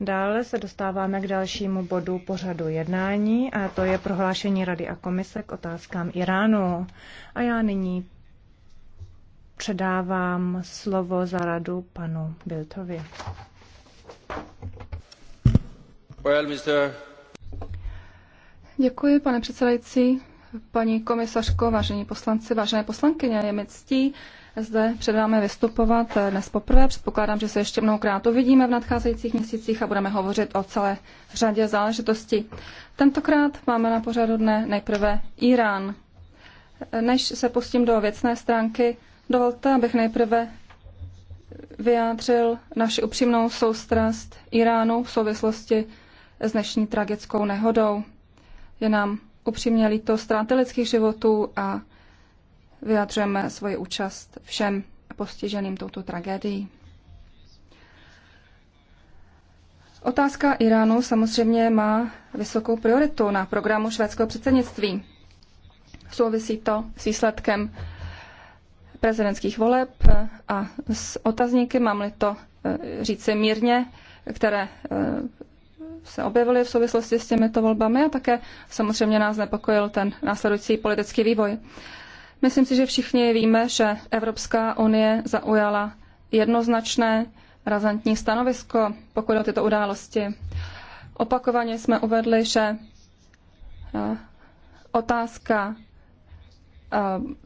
Dále se dostáváme k dalšímu bodu pořadu jednání a to je prohlášení Rady a komise k otázkám Iránu. A já nyní předávám slovo za radu panu Biltovi. Well, Mr. Děkuji, pane předsedající, paní komisařko, vážení poslanci, vážené poslankyně, je mi ctí zde před vámi vystupovat eh, dnes poprvé. Předpokládám, že se ještě mnohokrát uvidíme v nadcházejících měsících a budeme hovořit o celé řadě záležitostí. Tentokrát máme na pořadu dne nejprve Irán. Než se pustím do věcné stránky, dovolte, abych nejprve vyjádřil naši upřímnou soustrast Iránu v souvislosti s dnešní tragickou nehodou. Je nám upřímně líto ztráty lidských životů a vyjadřujeme svoji účast všem postiženým touto tragédií. Otázka Iránu samozřejmě má vysokou prioritu na programu švédského předsednictví. Souvisí to s výsledkem prezidentských voleb a s otazníky, mám-li to eh, říci mírně, které eh, se objevily v souvislosti s těmito volbami a také samozřejmě nás nepokojil ten následující politický vývoj. Myslím si, že všichni víme, že Evropská unie zaujala jednoznačné razantní stanovisko, pokud o tyto události. Opakovaně jsme uvedli, že eh, otázka eh,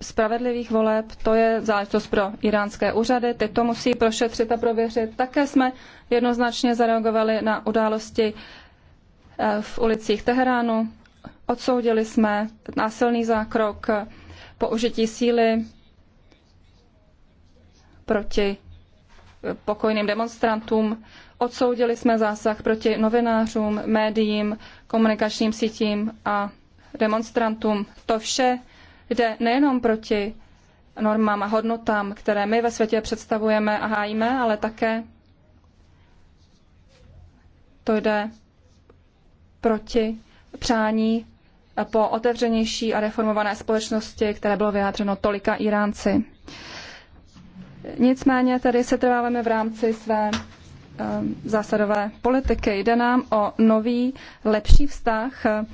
spravedlivých voleb, to je záležitost pro iránské úřady, ty to musí prošetřit a prověřit. Také jsme jednoznačně zareagovali na události eh, v ulicích Teheránu, odsoudili jsme násilný zákrok použití síly proti pokojným demonstrantům. Odsoudili jsme zásah proti novinářům, médiím, komunikačním sítím a demonstrantům. To vše jde nejenom proti normám a hodnotám, které my ve světě představujeme a hájíme, ale také to jde proti přání po otevřenější a reformované společnosti, které bylo vyjádřeno tolika Iránci. Nicméně tady se trváváme v rámci své eh, zásadové politiky. Jde nám o nový, lepší vztah eh,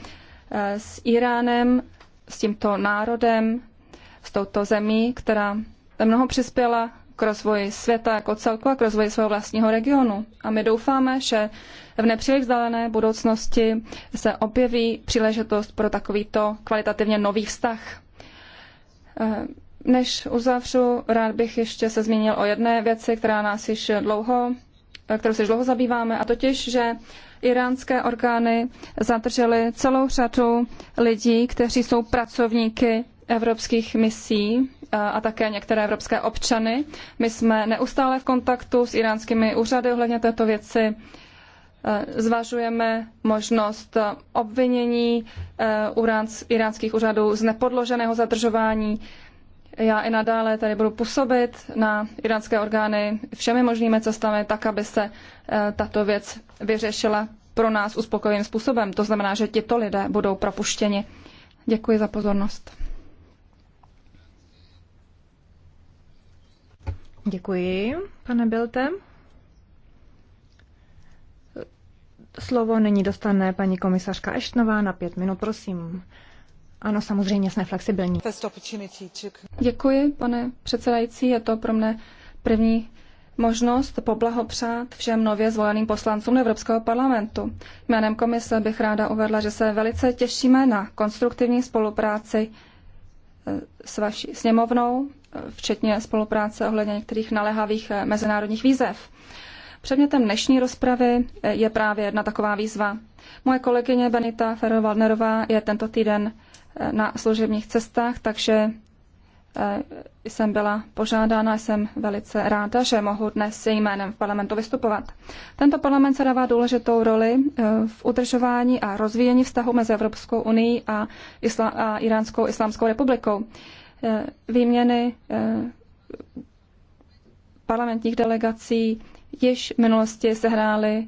s Iránem, s tímto národem, s touto zemí, která mnoho přispěla k rozvoji světa jako celku a k rozvoji svého vlastního regionu. A my doufáme, že v nepříliš vzdálené budoucnosti se objeví příležitost pro takovýto kvalitativně nový vztah. Eh, než uzavřu, rád bych ještě se zmínil o jedné věci, která nás již dlouho, eh, kterou se již dlouho zabýváme, a totiž, že iránské orgány zadržely celou řadu lidí, kteří jsou pracovníky evropských misí a také některé evropské občany. My jsme neustále v kontaktu s iránskými úřady ohledně této věci. E, zvažujeme možnost obvinění e, iránských úřadů z nepodloženého zadržování. Já i nadále tady budu působit na iránské orgány všemi možnými cestami, tak, aby se e, tato věc vyřešila pro nás uspokojivým způsobem. To znamená, že tito lidé budou propuštěni. Děkuji za pozornost. Děkuji, pane Bilte. Slovo nyní dostane paní komisařka Eštnová na pět minut, prosím. Ano, samozřejmě jsme flexibilní. Děkuji, pane předsedající. Je to pro mne první možnost poblahopřát všem nově zvoleným poslancům Evropského parlamentu. Jménem komise bych ráda uvedla, že se velice těšíme na konstruktivní spolupráci eh, s vaší sněmovnou včetně spolupráce ohledně některých naléhavých eh, mezinárodních výzev. Předmětem dnešní rozpravy eh, je právě jedna taková výzva. Moje kolegyně Benita ferro je tento týden eh, na služebních cestách, takže jsem byla požádána, jsem velice ráda, že mohu dnes se jménem v parlamentu vystupovat. Tento parlament se dává důležitou roli v udržování a rozvíjení vztahu mezi Evropskou unii a, Isla- a Iránskou islámskou republikou. Eh, výměny eh, parlamentních delegací již v minulosti sehrály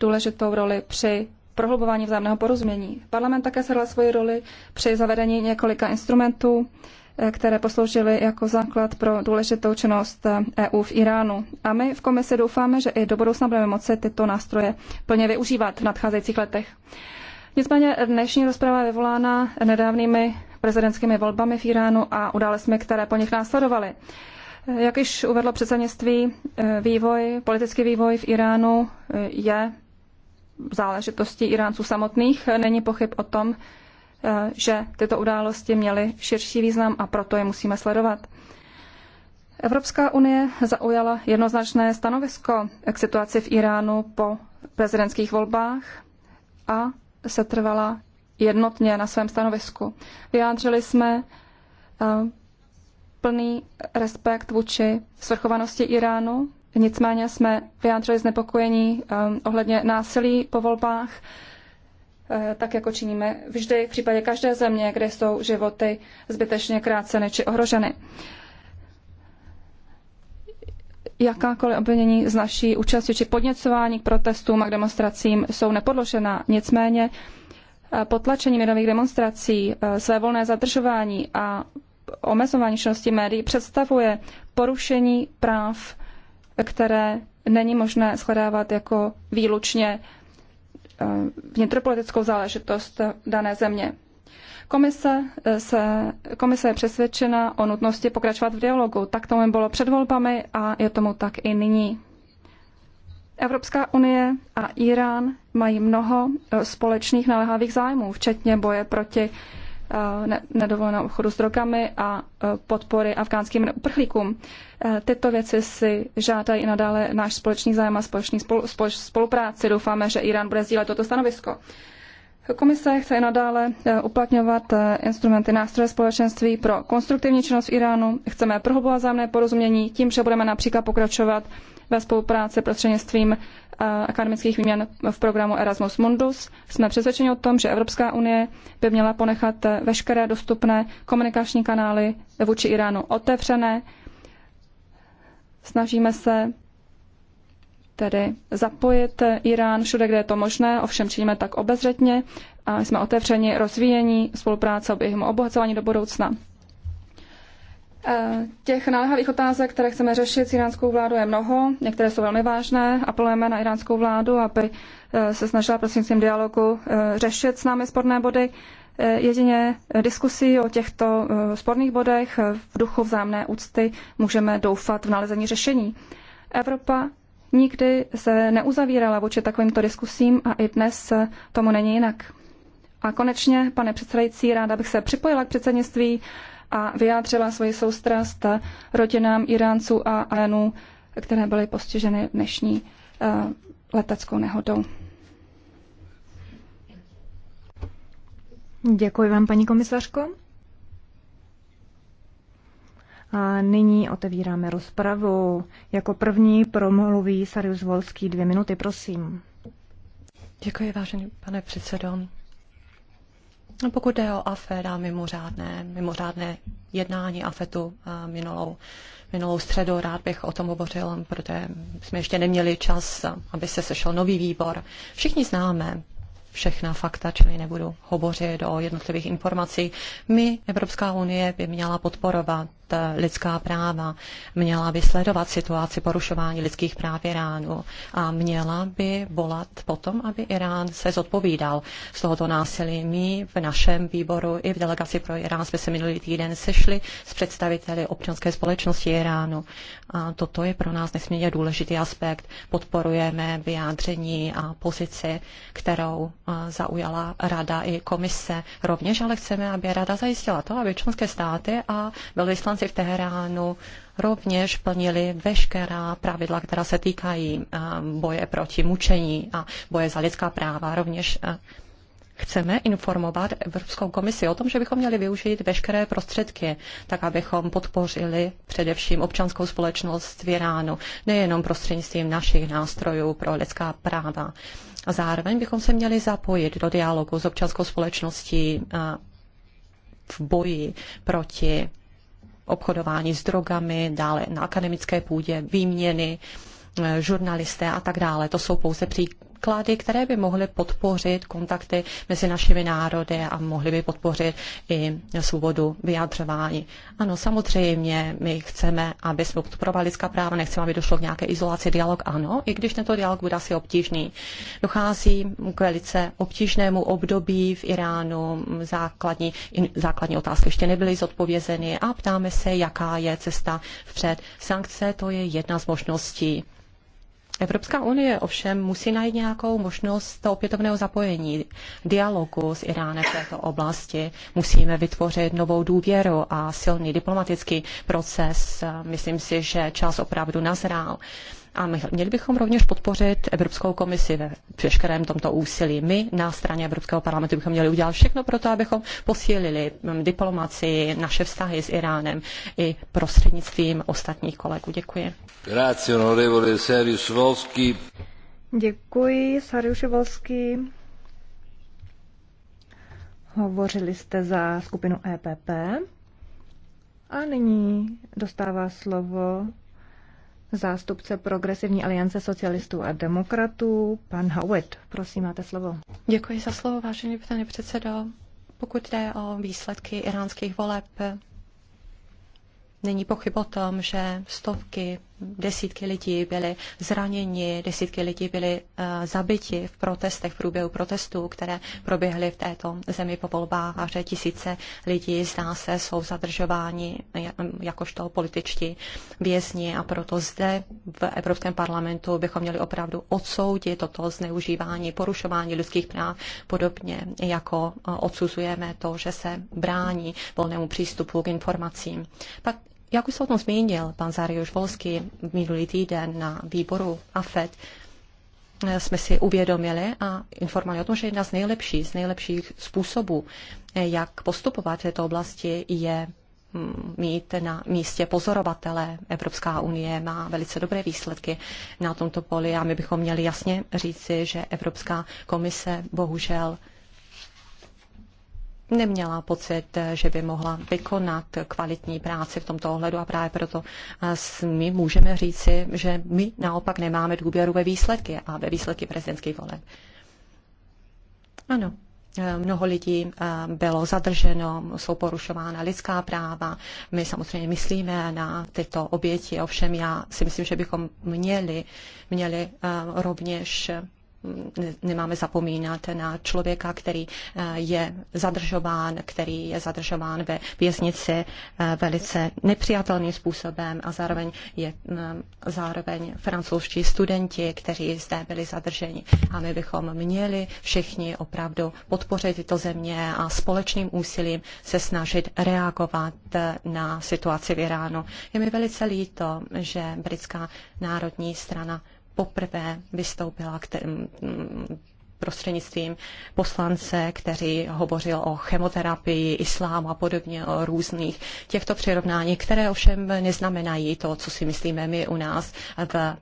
důležitou roli při prohlubování vzájemného porozumění. Parlament také sehrál svoji roli při zavedení několika instrumentů, eh, které posloužily jako základ pro důležitou činnost EU e v Iránu. A my v komisi doufáme, že i do budoucna budeme moci tyto nástroje plně využívat v nadcházejících letech. Nicméně dnešní rozprava je vyvolána nedávnými prezidentskými volbami v Iránu a událostmi, které po nich následovaly. Jak již uvedlo předsednictví, eh, vývoj, politický vývoj v Iránu eh, je záležitostí Iránců samotných. Není pochyb o tom, eh, že tyto události měly širší význam a proto je musíme sledovat. Evropská unie zaujala jednoznačné stanovisko k situaci v Iránu po prezidentských volbách a setrvala jednotně na svém stanovisku. Vyjádřili jsme eh, plný respekt vůči svrchovanosti Iránu, nicméně jsme vyjádřili znepokojení eh, ohledně násilí po volbách, eh, tak jako činíme vždy v případě každé země, kde jsou životy zbytečně kráceny či ohroženy jakákoliv obvinění z naší účasti či podněcování k protestům a k demonstracím jsou nepodložená. Nicméně potlačení měnových demonstrací, e, své volné zadržování a omezování činnosti médií představuje porušení práv, které není možné shledávat jako výlučně e, vnitropolitickou záležitost dané země. Komise, e, se, komise je přesvědčena o nutnosti pokračovat v dialogu. Tak tomu bylo před volbami a je tomu tak i nyní. Evropská unie a Irán mají mnoho e, společných naléhavých zájmů, včetně boje proti e, nedovoleného obchodu s drogami a e, podpory afgánským uprchlíkům. Tyto věci si žádají i nadále náš společný zájem a společný spolupráci. Doufáme, že Irán bude sdílet toto stanovisko. Komise chce i nadále uplatňovat instrumenty nástroje společenství pro konstruktivní činnost v Iránu. Chceme prohlubovat zájemné porozumění tím, že budeme například pokračovat ve spolupráci prostřednictvím eh, akademických výměn v programu Erasmus Mundus. Jsme přesvědčeni o tom, že Evropská unie by měla ponechat veškeré dostupné komunikační kanály vůči Iránu otevřené. Snažíme se tedy zapojit Irán všude, kde je to možné, ovšem činíme tak obezřetně a jsme otevřeni rozvíjení spolupráce a jejímu obohacování do budoucna. Eh, těch naléhavých otázek, které chceme řešit s iránskou vládou, je mnoho. Některé jsou velmi vážné. Apelujeme na iránskou vládu, aby eh, se snažila prostřednictvím dialogu eh, řešit s námi sporné body. Jedině diskusí o těchto sporných bodech v duchu vzájemné úcty můžeme doufat v nalezení řešení. Evropa nikdy se neuzavírala vůči takovýmto diskusím a i dnes tomu není jinak. A konečně, pane předsedající, ráda bych se připojila k předsednictví a vyjádřila svoji soustrast rodinám Iránců a Alenů, které byly postiženy dnešní eh, leteckou nehodou. Děkuji vám, paní komisařko. A nyní otevíráme rozpravu. Jako první promluví Sarius Volský. Dvě minuty, prosím. Děkuji, vážený pane předsedo. Pokud jde o AFE, dá mimořádné, mimořádné jednání AFETu eh, minulou, minulou středu, rád bych o tom hovořil, protože jsme ještě neměli čas, aby se sešel nový výbor. Všichni známe všechna fakta, čili nebudu hovořit o jednotlivých informací. My, Evropská unie, by měla podporovat Eh, lidská práva, měla by sledovat situaci porušování lidských práv Iránu a měla by volat potom, aby Irán se zodpovídal z tohoto násilí. My v našem výboru i v delegaci pro Irán jsme se minulý týden sešli s představiteli občanské společnosti Iránu. A toto je pro nás nesmírně důležitý aspekt. Podporujeme vyjádření a pozici, kterou eh, zaujala rada i komise. Rovněž ale chceme, aby rada zajistila to, aby členské státy a velvyslanci poslanci v Teheránu rovněž plnili veškerá pravidla, která se týkají eh, boje proti mučení a boje za lidská práva. Rovněž eh, chceme informovat Evropskou komisi o tom, že bychom měli využít veškeré prostředky, tak abychom podpořili především občanskou společnost v Iránu, nejenom prostřednictvím našich nástrojů pro lidská práva. A zároveň bychom se měli zapojit do dialogu s občanskou společností eh, v boji proti obchodování s drogami, dále na akademické půdě výměny, eh, žurnalisté a tak dále. To jsou pouze pří, základy, které by mohly podpořit kontakty mezi našimi národy a mohly by podpořit i svobodu vyjadřování. Ano, samozřejmě, my chceme, aby jsme podporovali lidská práva, nechceme, aby došlo k nějaké izolaci, dialog ano, i když tento dialog bude asi obtížný. Dochází k velice obtížnému období v Iránu, základní, základní otázky ještě nebyly zodpovězeny a ptáme se, jaká je cesta vpřed. Sankce to je jedna z možností. Evropská unie ovšem musí najít nějakou možnost to opětovného zapojení, dialogu s Iránem v této oblasti. Musíme vytvořit novou důvěru a silný diplomatický proces. Myslím si, že čas opravdu nazrál. A my, měli bychom rovněž podpořit Evropskou komisi ve všeškerém tomto úsilí. My na straně Evropského parlamentu bychom měli udělat všechno pro to, abychom posílili mm, diplomacii, naše vztahy s Iránem i prostřednictvím ostatních kolegů. Děkuji. Děkuji, Sariuši Volsky. Hovořili jste za skupinu EPP. A nyní dostává slovo zástupce Progresivní aliance socialistů a demokratů, pan Howitt. Prosím, máte slovo. Děkuji za slovo, vážený pane předsedo. Pokud jde o výsledky iránských voleb, není pochyb o tom, že stovky desítky lidí byly zraněni, desítky lidí byly uh, eh, zabiti v protestech, v průběhu protestů, které proběhly v této zemi po volbách a že tisíce lidí, zdá se, jsou zadržováni eh, jakožto političtí vězni a proto zde v Evropském parlamentu bychom měli opravdu odsoudit toto zneužívání, porušování lidských práv, podobně jako eh, odsuzujeme to, že se brání volnému přístupu k informacím. Pak jak už se o tom zmínil pan Záriuš Volský minulý týden na výboru AFED, eh, jsme si uvědomili a informovali o tom, že jedna z nejlepších, z nejlepších způsobů, eh, jak postupovat v této oblasti, je mm, mít na místě pozorovatele. Evropská unie má velice dobré výsledky na tomto poli a my bychom měli jasně říci, že Evropská komise bohužel neměla pocit, že by mohla vykonat kvalitní práci v tomto ohledu a právě proto eh, my můžeme říci, že my naopak nemáme důvěru ve výsledky a ve výsledky prezidentských voleb. Ano, eh, mnoho lidí eh, bylo zadrženo, jsou porušována lidská práva. My samozřejmě myslíme na tyto oběti, ovšem já si myslím, že bychom měli, měli rovněž nemáme zapomínat na člověka, který eh, je zadržován, který je zadržován ve věznici eh, velice nepřijatelným způsobem a zároveň je eh, zároveň francouzští studenti, kteří zde byli zadrženi. A my bychom měli všichni opravdu podpořit tyto země a společným úsilím se snažit reagovat na situaci v Iránu. Je mi velice líto, že britská národní strana poprvé vystoupila k prostřednictvím poslance, který hovořil o chemoterapii, islámu a podobně, o různých těchto přirovnání, které ovšem neznamenají to, co si myslíme my u nás v,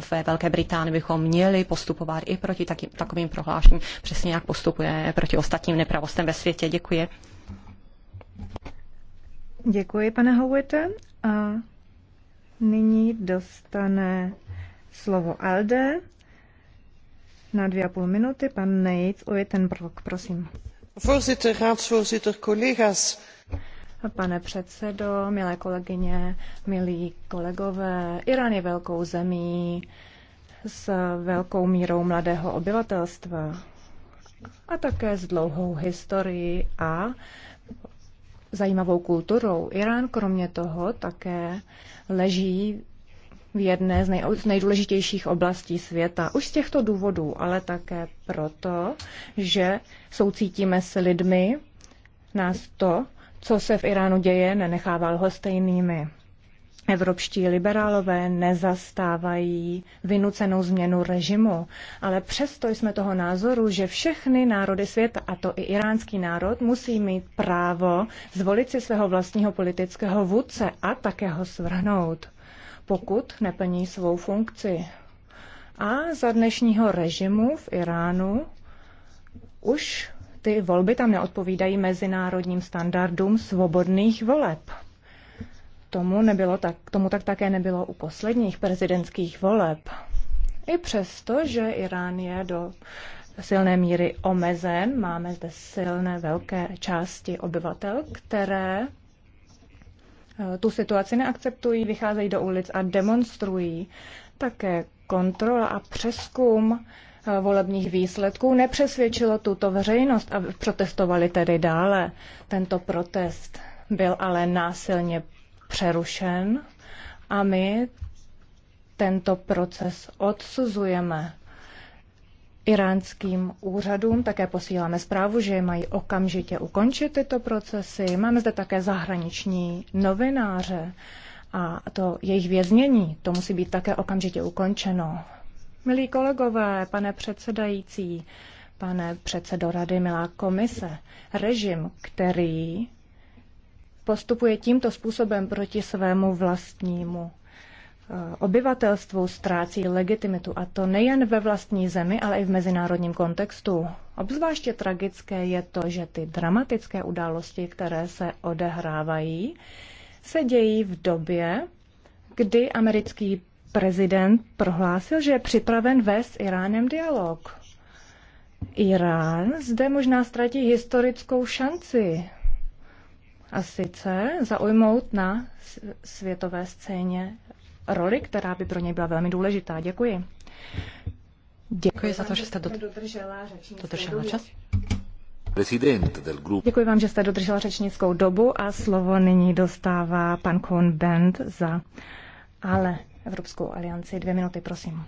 v Velké Británii bychom měli postupovat i proti taky, takovým prohlášením, přesně jak postupuje proti ostatním nepravostem ve světě. Děkuji. Děkuji, pane Howite. A nyní dostane slovo Alde. Na dvě a půl minuty pan Nejc Uitenbrok, prosím. Voorzitter, raadsvoorzitter, collega's. Pane předsedo, milé kolegyně, milí kolegové, Irán je velkou zemí s velkou mírou mladého obyvatelstva a také s dlouhou historií a zajímavou kulturou. Irán kromě toho také leží v jedné z, nej, z nejdůležitějších oblastí světa. Už z těchto důvodů, ale také proto, že soucítíme s lidmi, nás to, co se v Iránu děje, nenechává lhostejnými. Evropští liberálové nezastávají vynucenou změnu režimu, ale přesto jsme toho názoru, že všechny národy světa, a to i iránský národ, musí mít právo zvolit si svého vlastního politického vůdce a také ho svrhnout pokud neplní svou funkci. A za dnešního režimu v Iránu už ty volby tam neodpovídají mezinárodním standardům svobodných voleb. Tomu, nebylo tak, tomu tak také nebylo u posledních prezidentských voleb. I přesto, že Irán je do silné míry omezen, máme zde silné velké části obyvatel, které Eh, tu situaci neakceptují, vycházejí do ulic a demonstrují. Také kontrola a přeskum eh, volebních výsledků nepřesvědčilo tuto veřejnost a protestovali tedy dále. Tento protest byl ale násilně přerušen a my tento proces odsuzujeme iránským úřadům. Také posíláme zprávu, že mají okamžitě ukončit tyto procesy. Máme zde také zahraniční novináře a to jejich věznění, to musí být také okamžitě ukončeno. Milí kolegové, pane předsedající, pane předsedo rady, milá komise, režim, který postupuje tímto způsobem proti svému vlastnímu obyvatelstvu ztrácí legitimitu a to nejen ve vlastní zemi, ale i v mezinárodním kontextu. Obzvláště tragické je to, že ty dramatické události, které se odehrávají, se dějí v době, kdy americký prezident prohlásil, že je připraven vést s Iránem dialog. Irán zde možná ztratí historickou šanci a sice zaujmout na světové scéně roli, která by pro něj byla velmi důležitá. Děkuji. Děkuji, za to, že jste dodržela, dodržela čas. Děkuji vám, že jste dodržela řečnickou dobu a slovo nyní dostává pan Kohn Bend za ale Evropskou alianci. Dvě minuty, prosím.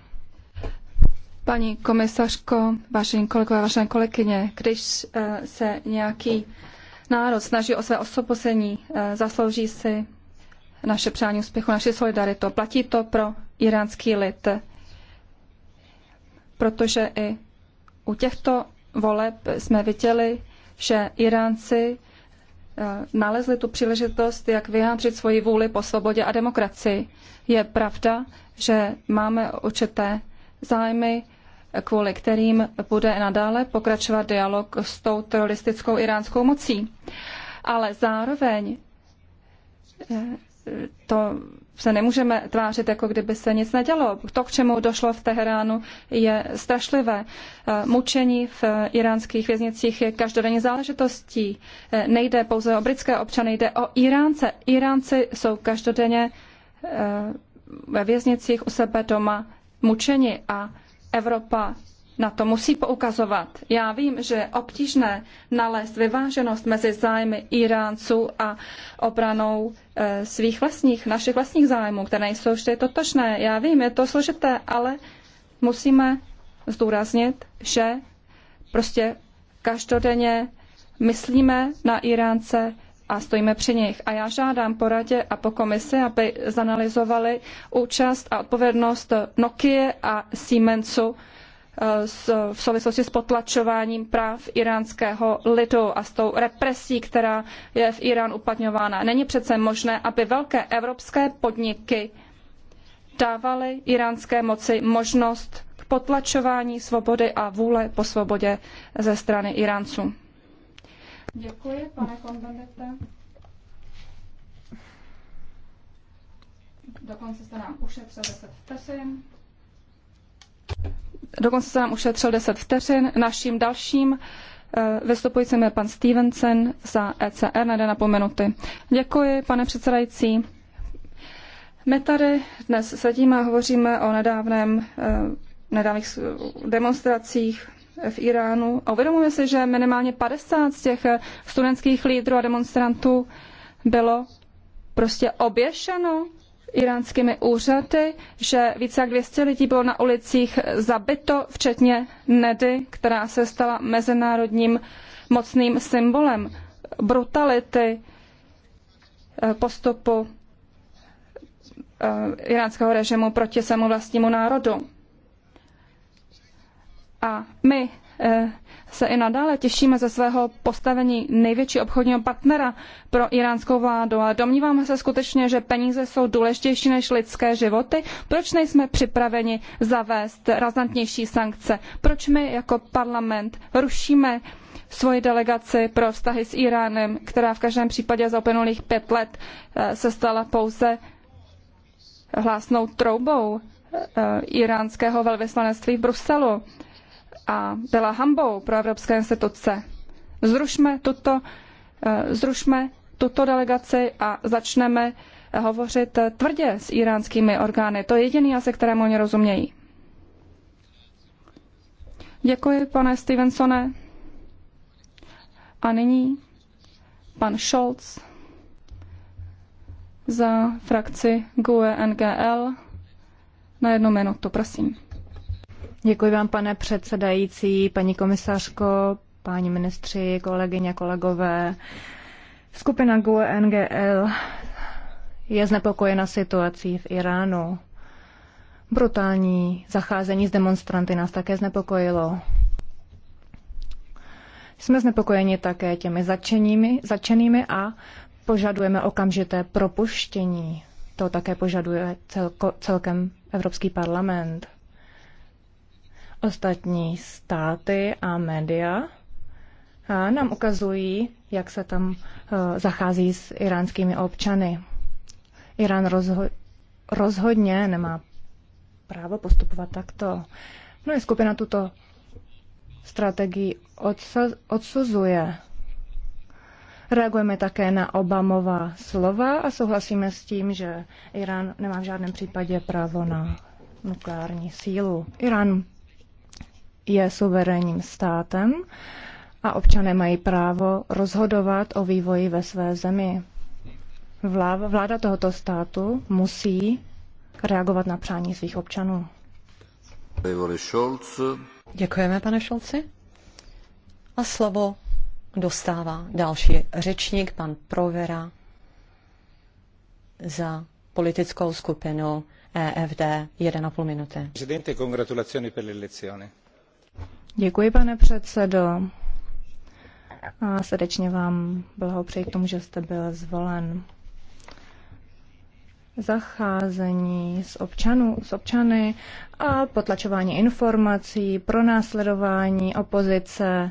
Paní komisařko, vážení kolegové, vážené kolegyně, když eh, se nějaký národ snaží o své osobození, eh, zaslouží si naše přání úspěchu, naše solidaritu. Platí to pro iránský lid, protože i u těchto voleb jsme viděli, že Iránci eh, nalezli tu příležitost, jak vyjádřit svoji vůli po svobodě a demokracii. Je pravda, že máme určité zájmy, kvůli kterým bude nadále pokračovat dialog s tou teroristickou iránskou mocí. Ale zároveň eh, to se nemůžeme tvářit, jako kdyby se nic nedělo. To, k čemu došlo v Teheránu, je strašlivé. Eh, mučení v iránských věznicích je každodenní záležitostí. Eh, nejde pouze o britské občany, jde o Iránce. Iránci jsou každodenně eh, ve věznicích u sebe doma mučeni a Evropa na to musí poukazovat. Já vím, že je obtížné nalézt vyváženost mezi zájmy Iránců a obranou eh, svých vlastních, našich vlastních zájmů, které nejsou vždy totožné. Já vím, je to složité, ale musíme zdůraznit, že prostě každodenně myslíme na Iránce a stojíme při nich. A já žádám poradě a po komisi, aby zanalizovali účast a odpovědnost Nokia a Siemensu v souvislosti s potlačováním práv iránského lidu a s tou represí, která je v Iránu uplatňována. Není přece možné, aby velké evropské podniky dávaly iránské moci možnost k potlačování svobody a vůle po svobodě ze strany Iránců. Děkuji, pane Konvendete. Dokonce jste nám ušetřil 10 vteřin. Dokonce jsem ušetřil 10 vteřin. Naším dalším eh, vystupujícím je pan Stevenson za ECR na na půl minuty. Děkuji, pane předsedající. My tady dnes sedíme a hovoříme o nedávném, eh, nedávných demonstracích v Iránu. A uvědomujeme si, že minimálně 50 z těch eh, studentských lídrů a demonstrantů bylo prostě oběšeno iránskými úřady, že více jak 200 lidí bylo na ulicích zabito, včetně Nedy, která se stala mezinárodním mocným symbolem brutality eh, postupu eh, iránského režimu proti svému vlastnímu národu. A my Eh, se i nadále těšíme ze svého postavení největší obchodního partnera pro iránskou vládu, ale domníváme se skutečně, že peníze jsou důležitější než lidské životy. Proč nejsme připraveni zavést razantnější sankce? Proč my jako parlament rušíme svoji delegaci pro vztahy s Iránem, která v každém případě za uplynulých pět let eh, se stala pouze hlásnou troubou eh, iránského velvyslanectví v Bruselu a byla hambou pro evropské instituce. Zrušme tuto, eh, zrušme tuto delegaci a začneme hovořit tvrdě s iránskými orgány. To je jediný jazyk, kterému oni rozumějí. Děkuji, pane Stevensone. A nyní pan Scholz za frakci GUE NGL na jednu minutu, prosím. Děkuji vám, pane předsedající, paní komisařko, páni ministři, kolegyně, kolegové. Skupina GUE NGL je znepokojena situací v Iránu. Brutální zacházení s demonstranty nás také znepokojilo. Jsme znepokojeni také těmi začenými, začenými a požadujeme okamžité propuštění. To také požaduje celko, celkem Evropský parlament ostatní státy a média nám ukazují, jak se tam e, zachází s iránskými občany. Irán rozho- rozhodně nemá právo postupovat takto. No i skupina tuto strategii odsuzuje. Reagujeme také na Obamova slova a souhlasíme s tím, že Irán nemá v žádném případě právo na nukleární sílu. Irán je suverénním státem a občané mají právo rozhodovat o vývoji ve své zemi. Vláda tohoto státu musí reagovat na přání svých občanů. Děkujeme, pane Šolci. A slovo dostává další řečník, pan Provera, za politickou skupinu EFD 1,5 minuty. Presidente, congratulazioni per l'elezione. Děkuji, pane předsedo. A srdečně vám blahopřeji k tomu, že jste byl zvolen. Zacházení s, občanů, s občany a potlačování informací, pronásledování opozice,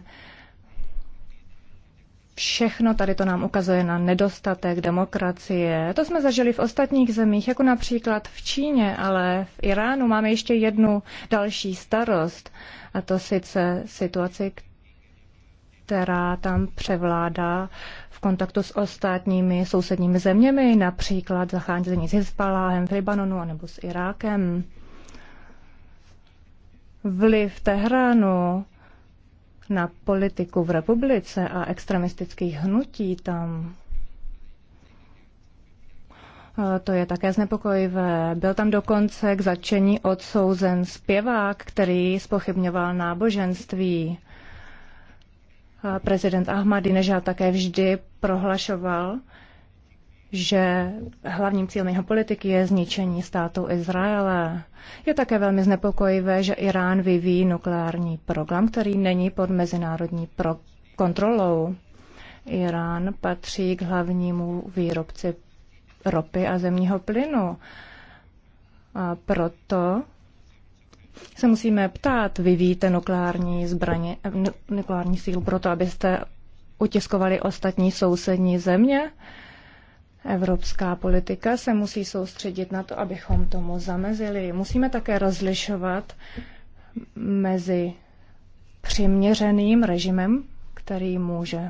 Všechno tady to nám ukazuje na nedostatek demokracie. To jsme zažili v ostatních zemích, jako například v Číně, ale v Iránu máme ještě jednu další starost, a to sice situaci, která tam převládá v kontaktu s ostatními sousedními zeměmi, například zacházení s Hezbaláhem v Libanonu nebo s Irákem. Vliv Tehránu na politiku v republice a extremistických hnutí tam, e, to je také znepokojivé. Byl tam dokonce k začení odsouzen zpěvák, který spochybňoval náboženství. E, prezident Ahmadinejad také vždy prohlašoval, že hlavním cílem jeho politiky je zničení státu Izraele. Je také velmi znepokojivé, že Irán vyvíjí nukleární program, který není pod mezinárodní pro- kontrolou. Irán patří k hlavnímu výrobci ropy a zemního plynu. A proto se musíme ptát, vyvíjíte nukleární zbraně, nukleární sílu proto, abyste utiskovali ostatní sousední země? Evropská politika se musí soustředit na to, abychom tomu zamezili. Musíme také rozlišovat mezi přiměřeným režimem, který může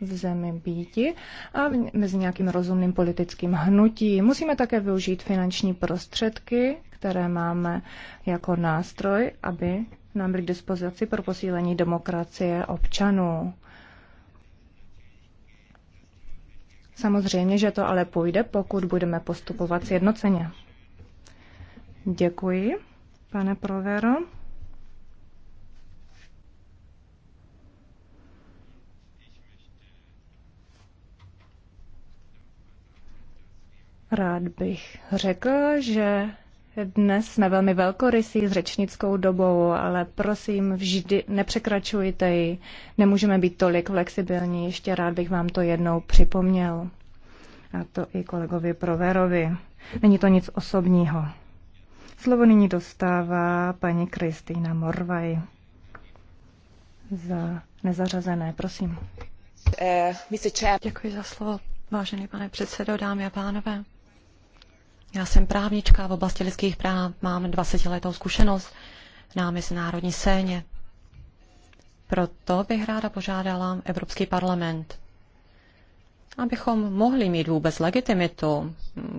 v zemi býti a mezi nějakým rozumným politickým hnutím. Musíme také využít finanční prostředky, které máme jako nástroj, aby nám byly k dispozici pro posílení demokracie občanů. Samozřejmě, že to ale půjde, pokud budeme postupovat sjednoceně. Děkuji, pane Provero. Rád bych řekl, že dnes jsme velmi velkorysý s řečnickou dobou, ale prosím, vždy nepřekračujte ji. Nemůžeme být tolik flexibilní. Ještě rád bych vám to jednou připomněl. A to i kolegovi Proverovi. Není to nic osobního. Slovo nyní dostává paní Kristýna Morvaj za nezařazené. Prosím. Eh, Děkuji za slovo, vážený pane předsedo, dámy a pánové. Já jsem právnička v oblasti lidských práv, mám 20 letou zkušenost na mezinárodní scéně. Proto bych ráda požádala Evropský parlament abychom mohli mít vůbec legitimitu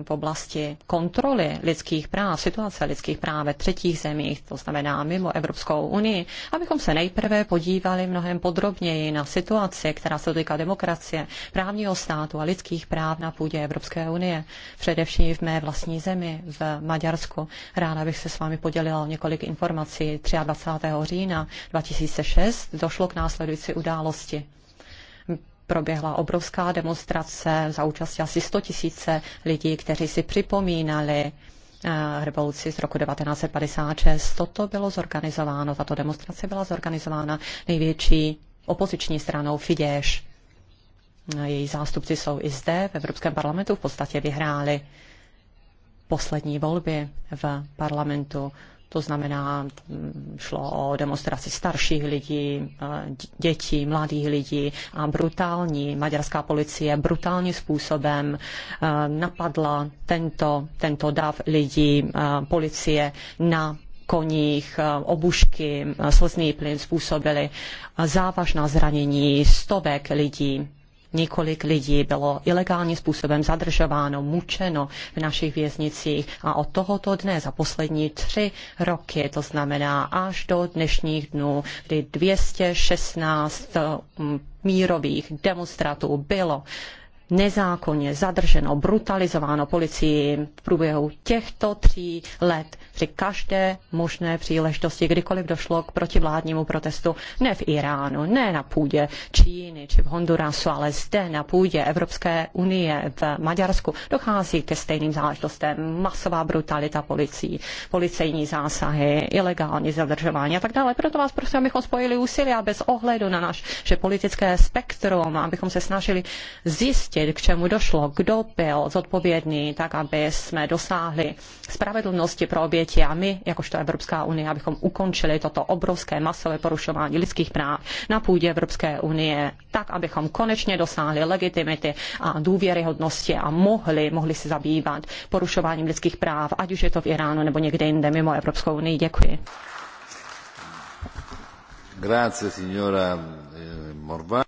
v oblasti kontroly lidských práv, situace lidských práv ve třetích zemích, to znamená mimo Evropskou unii, abychom se nejprve podívali mnohem podrobněji na situaci, která se týká demokracie, právního státu a lidských práv na půdě Evropské unie, především v mé vlastní zemi, v Maďarsku. Ráda bych se s vámi podělila o několik informací. 23. října 2006 došlo k následující události proběhla obrovská demonstrace za účastí asi 100 tisíce lidí, kteří si připomínali eh, revoluci z roku 1956. Toto bylo zorganizováno, tato demonstrace byla zorganizována největší opoziční stranou Fidesz. Její zástupci jsou i zde v Evropském parlamentu, v podstatě vyhráli poslední volby v parlamentu. To znamená, šlo o demonstraci starších lidí, eh, dětí, mladých lidí a brutální maďarská policie brutálním způsobem eh, napadla tento, tento dav lidí, eh, policie na koních, obušky, slzný plyn způsobily závažná zranění stovek lidí Několik lidí bylo ilegálním způsobem zadržováno, mučeno v našich věznicích a od tohoto dne za poslední tři roky, to znamená až do dnešních dnů, kdy 216 eh, mírových demonstrantů bylo nezákonně zadrženo, brutalizováno policií v průběhu těchto tří let při každé možné příležitosti, kdykoliv došlo k protivládnímu protestu, ne v Iránu, ne na půdě Číny či v Hondurasu, ale zde na půdě Evropské unie v Maďarsku dochází ke stejným záležitostem. Masová brutalita policií, policejní zásahy, ilegální zadržování a tak dále. Proto vás prosím, abychom spojili úsilí a bez ohledu na naše politické spektrum, abychom se snažili zjistit, zjistit, k čemu došlo, kdo byl zodpovědný, tak aby jsme dosáhli spravedlnosti pro oběti a my, jakožto Evropská unie, abychom ukončili toto obrovské masové porušování lidských práv na půdě Evropské unie, tak abychom konečně dosáhli legitimity a důvěryhodnosti a mohli, mohli se zabývat porušováním lidských práv, ať už je to v Iránu nebo někde jinde mimo Evropskou unii. Děkuji. Grazie, signora eh, Morvai.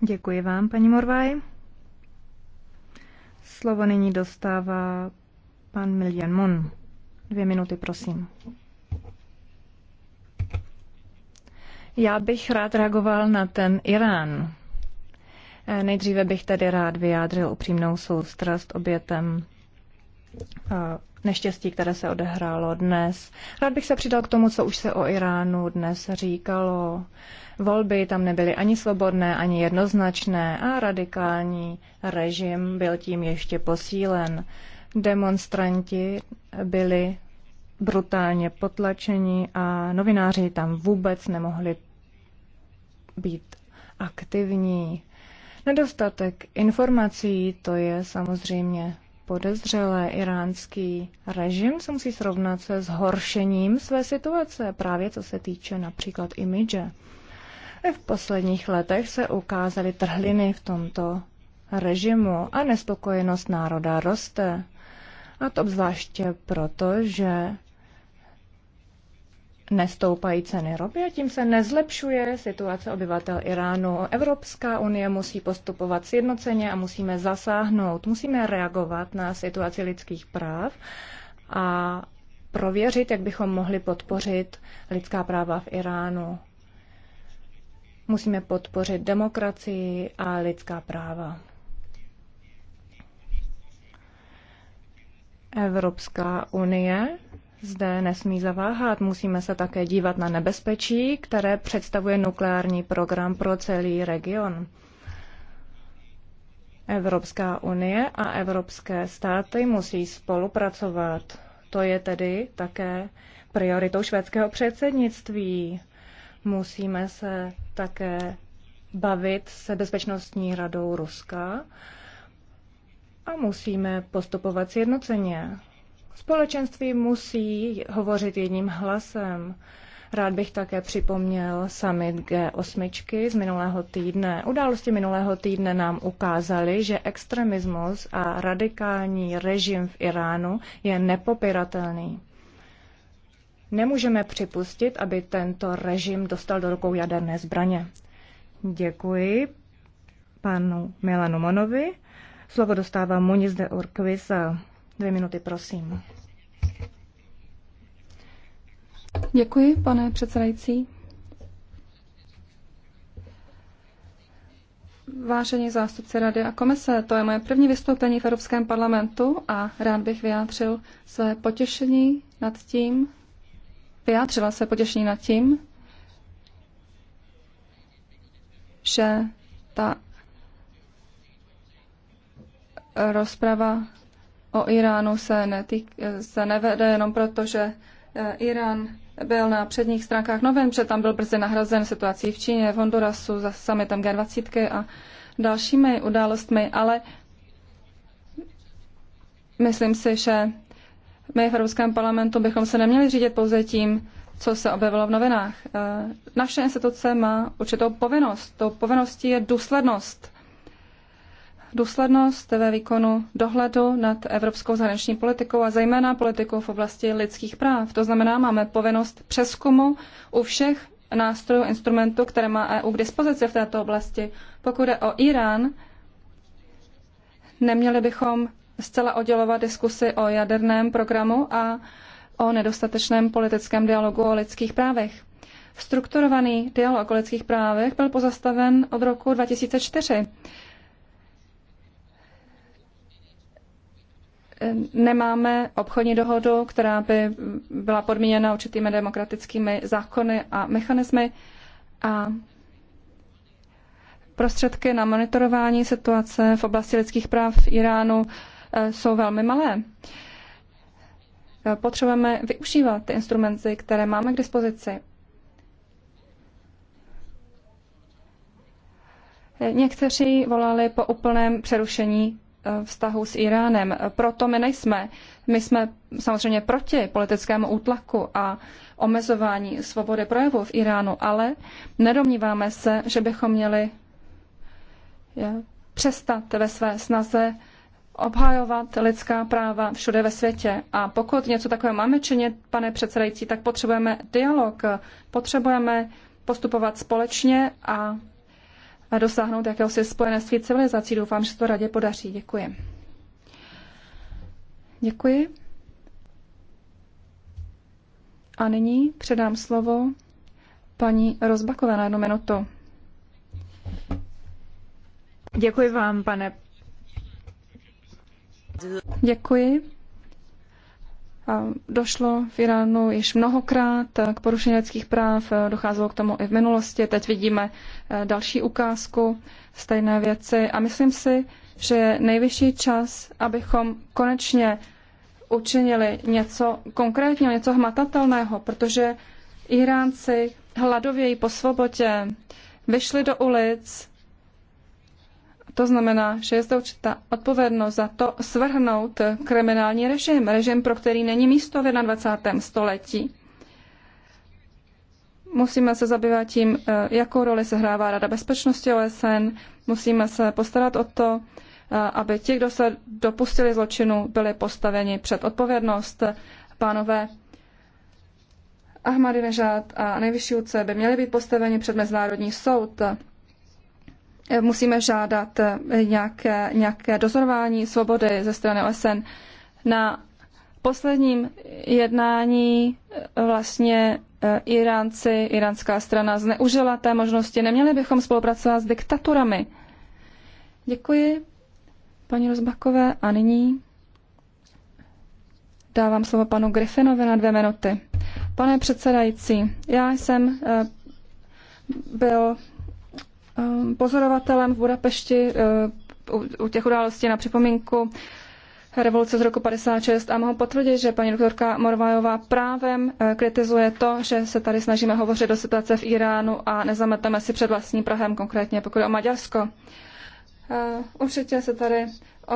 Děkuji vám, paní Morvaj. Slovo nyní dostává pan Milian Mon. Dvě minuty, prosím. Já bych rád reagoval na ten Irán. Eh, nejdříve bych tedy rád vyjádřil upřímnou soustrast obětem eh, neštěstí, které se odehrálo dnes. Rád bych se přidal k tomu, co už se o Iránu dnes říkalo. Volby tam nebyly ani svobodné, ani jednoznačné a radikální režim byl tím ještě posílen. Demonstranti byli brutálně potlačeni a novináři tam vůbec nemohli být aktivní. Nedostatek informací, to je samozřejmě podezřelé. Iránský režim se musí srovnat se zhoršením své situace, právě co se týče například imidže. V posledních letech se ukázaly trhliny v tomto režimu a nespokojenost národa roste. A to obzvláště proto, že nestoupají ceny ropy a tím se nezlepšuje situace obyvatel Iránu. Evropská unie musí postupovat sjednoceně a musíme zasáhnout, musíme reagovat na situaci lidských práv a prověřit, jak bychom mohli podpořit lidská práva v Iránu. Musíme podpořit demokracii a lidská práva. Evropská unie zde nesmí zaváhat. Musíme se také dívat na nebezpečí, které představuje nukleární program pro celý region. Evropská unie a evropské státy musí spolupracovat. To je tedy také prioritou švédského předsednictví. Musíme se také bavit se Bezpečnostní radou Ruska a musíme postupovat sjednoceně. Společenství musí hovořit jedním hlasem. Rád bych také připomněl summit G8 z minulého týdne. Události minulého týdne nám ukázaly, že extremismus a radikální režim v Iránu je nepopiratelný. Nemůžeme připustit, aby tento režim dostal do rukou jaderné zbraně. Děkuji panu Milanu Monovi. Slovo dostává Muniz de Urquiza. Dvě minuty, prosím. Děkuji, pane předsedající. Vážení zástupci Rady a komise, to je moje první vystoupení v Evropském parlamentu a rád bych vyjádřil své potěšení nad tím, vyjádřila své potěšení nad tím, že ta rozprava o Iránu se, netýk, se nevede jenom proto, že e, Irán byl na předních stránkách novin, protože tam byl brzy nahrazen situací v Číně, v Hondurasu, za summitem G20 a dalšími událostmi, ale myslím si, že my v Evropském parlamentu bychom se neměli řídit pouze tím, co se objevilo v novinách. E, naše instituce má určitou povinnost. Tou povinností je důslednost důslednost ve výkonu dohledu nad evropskou zahraniční politikou a zejména politikou v oblasti lidských práv. To znamená, máme povinnost přeskumu u všech nástrojů, instrumentů, které má EU k dispozici v této oblasti. Pokud je o Irán, neměli bychom zcela oddělovat diskusy o jaderném programu a o nedostatečném politickém dialogu o lidských právech. Strukturovaný dialog o lidských právech byl pozastaven od roku 2004. nemáme obchodní dohodu, která by byla podmíněna určitými demokratickými zákony a mechanismy a prostředky na monitorování situace v oblasti lidských práv v Iránu eh, jsou velmi malé. Eh, potřebujeme využívat ty instrumenty, které máme k dispozici. Eh, někteří volali po úplném přerušení vztahu s Iránem. Proto my nejsme. My jsme samozřejmě proti politickému útlaku a omezování svobody projevu v Iránu, ale nedomníváme se, že bychom měli přestat ve své snaze obhajovat lidská práva všude ve světě. A pokud něco takového máme činit, pane předsedající, tak potřebujeme dialog, potřebujeme postupovat společně a a dosáhnout jakéhosi spojenství civilizací. Doufám, že se to radě podaří. Děkuji. Děkuji. A nyní předám slovo paní Rozbakové na jednu minutu. Děkuji vám, pane. Děkuji. Došlo v Iránu již mnohokrát k porušení lidských práv, docházelo k tomu i v minulosti. Teď vidíme eh, další ukázku stejné věci a myslím si, že je nejvyšší čas, abychom konečně učinili něco konkrétního, něco hmatatelného, protože Iránci hladovějí po svobodě, vyšli do ulic, to znamená, že je zde určitá odpovědnost za to svrhnout kriminální režim, režim, pro který není místo v 21. století. Musíme se zabývat tím, eh, jakou roli se hrává Rada bezpečnosti OSN, musíme se postarat o to, eh, aby ti, kdo se dopustili zločinu, byli postaveni před odpovědnost. Pánové Ahmadinežad a nejvyšší UC by měli být postaveni před Mezinárodní soud musíme žádat eh, nějaké, nějaké dozorování svobody ze strany OSN. Na posledním jednání eh, vlastně eh, Iránci, iránská strana zneužila té možnosti. Neměli bychom spolupracovat s diktaturami. Děkuji paní Rozbakové a nyní dávám slovo panu Griffinovi na dvě minuty. Pane předsedající, já jsem byl Ehm, pozorovatelem v Budapešti eh, u těch událostí na připomínku revoluce z roku 56 a mohu potvrdit, že paní doktorka Morvajová právem eh, kritizuje to, že se tady snažíme hovořit o situace v Iránu a nezameteme si před vlastním Prahem, konkrétně pokud o Maďarsko. Eh, určitě se tady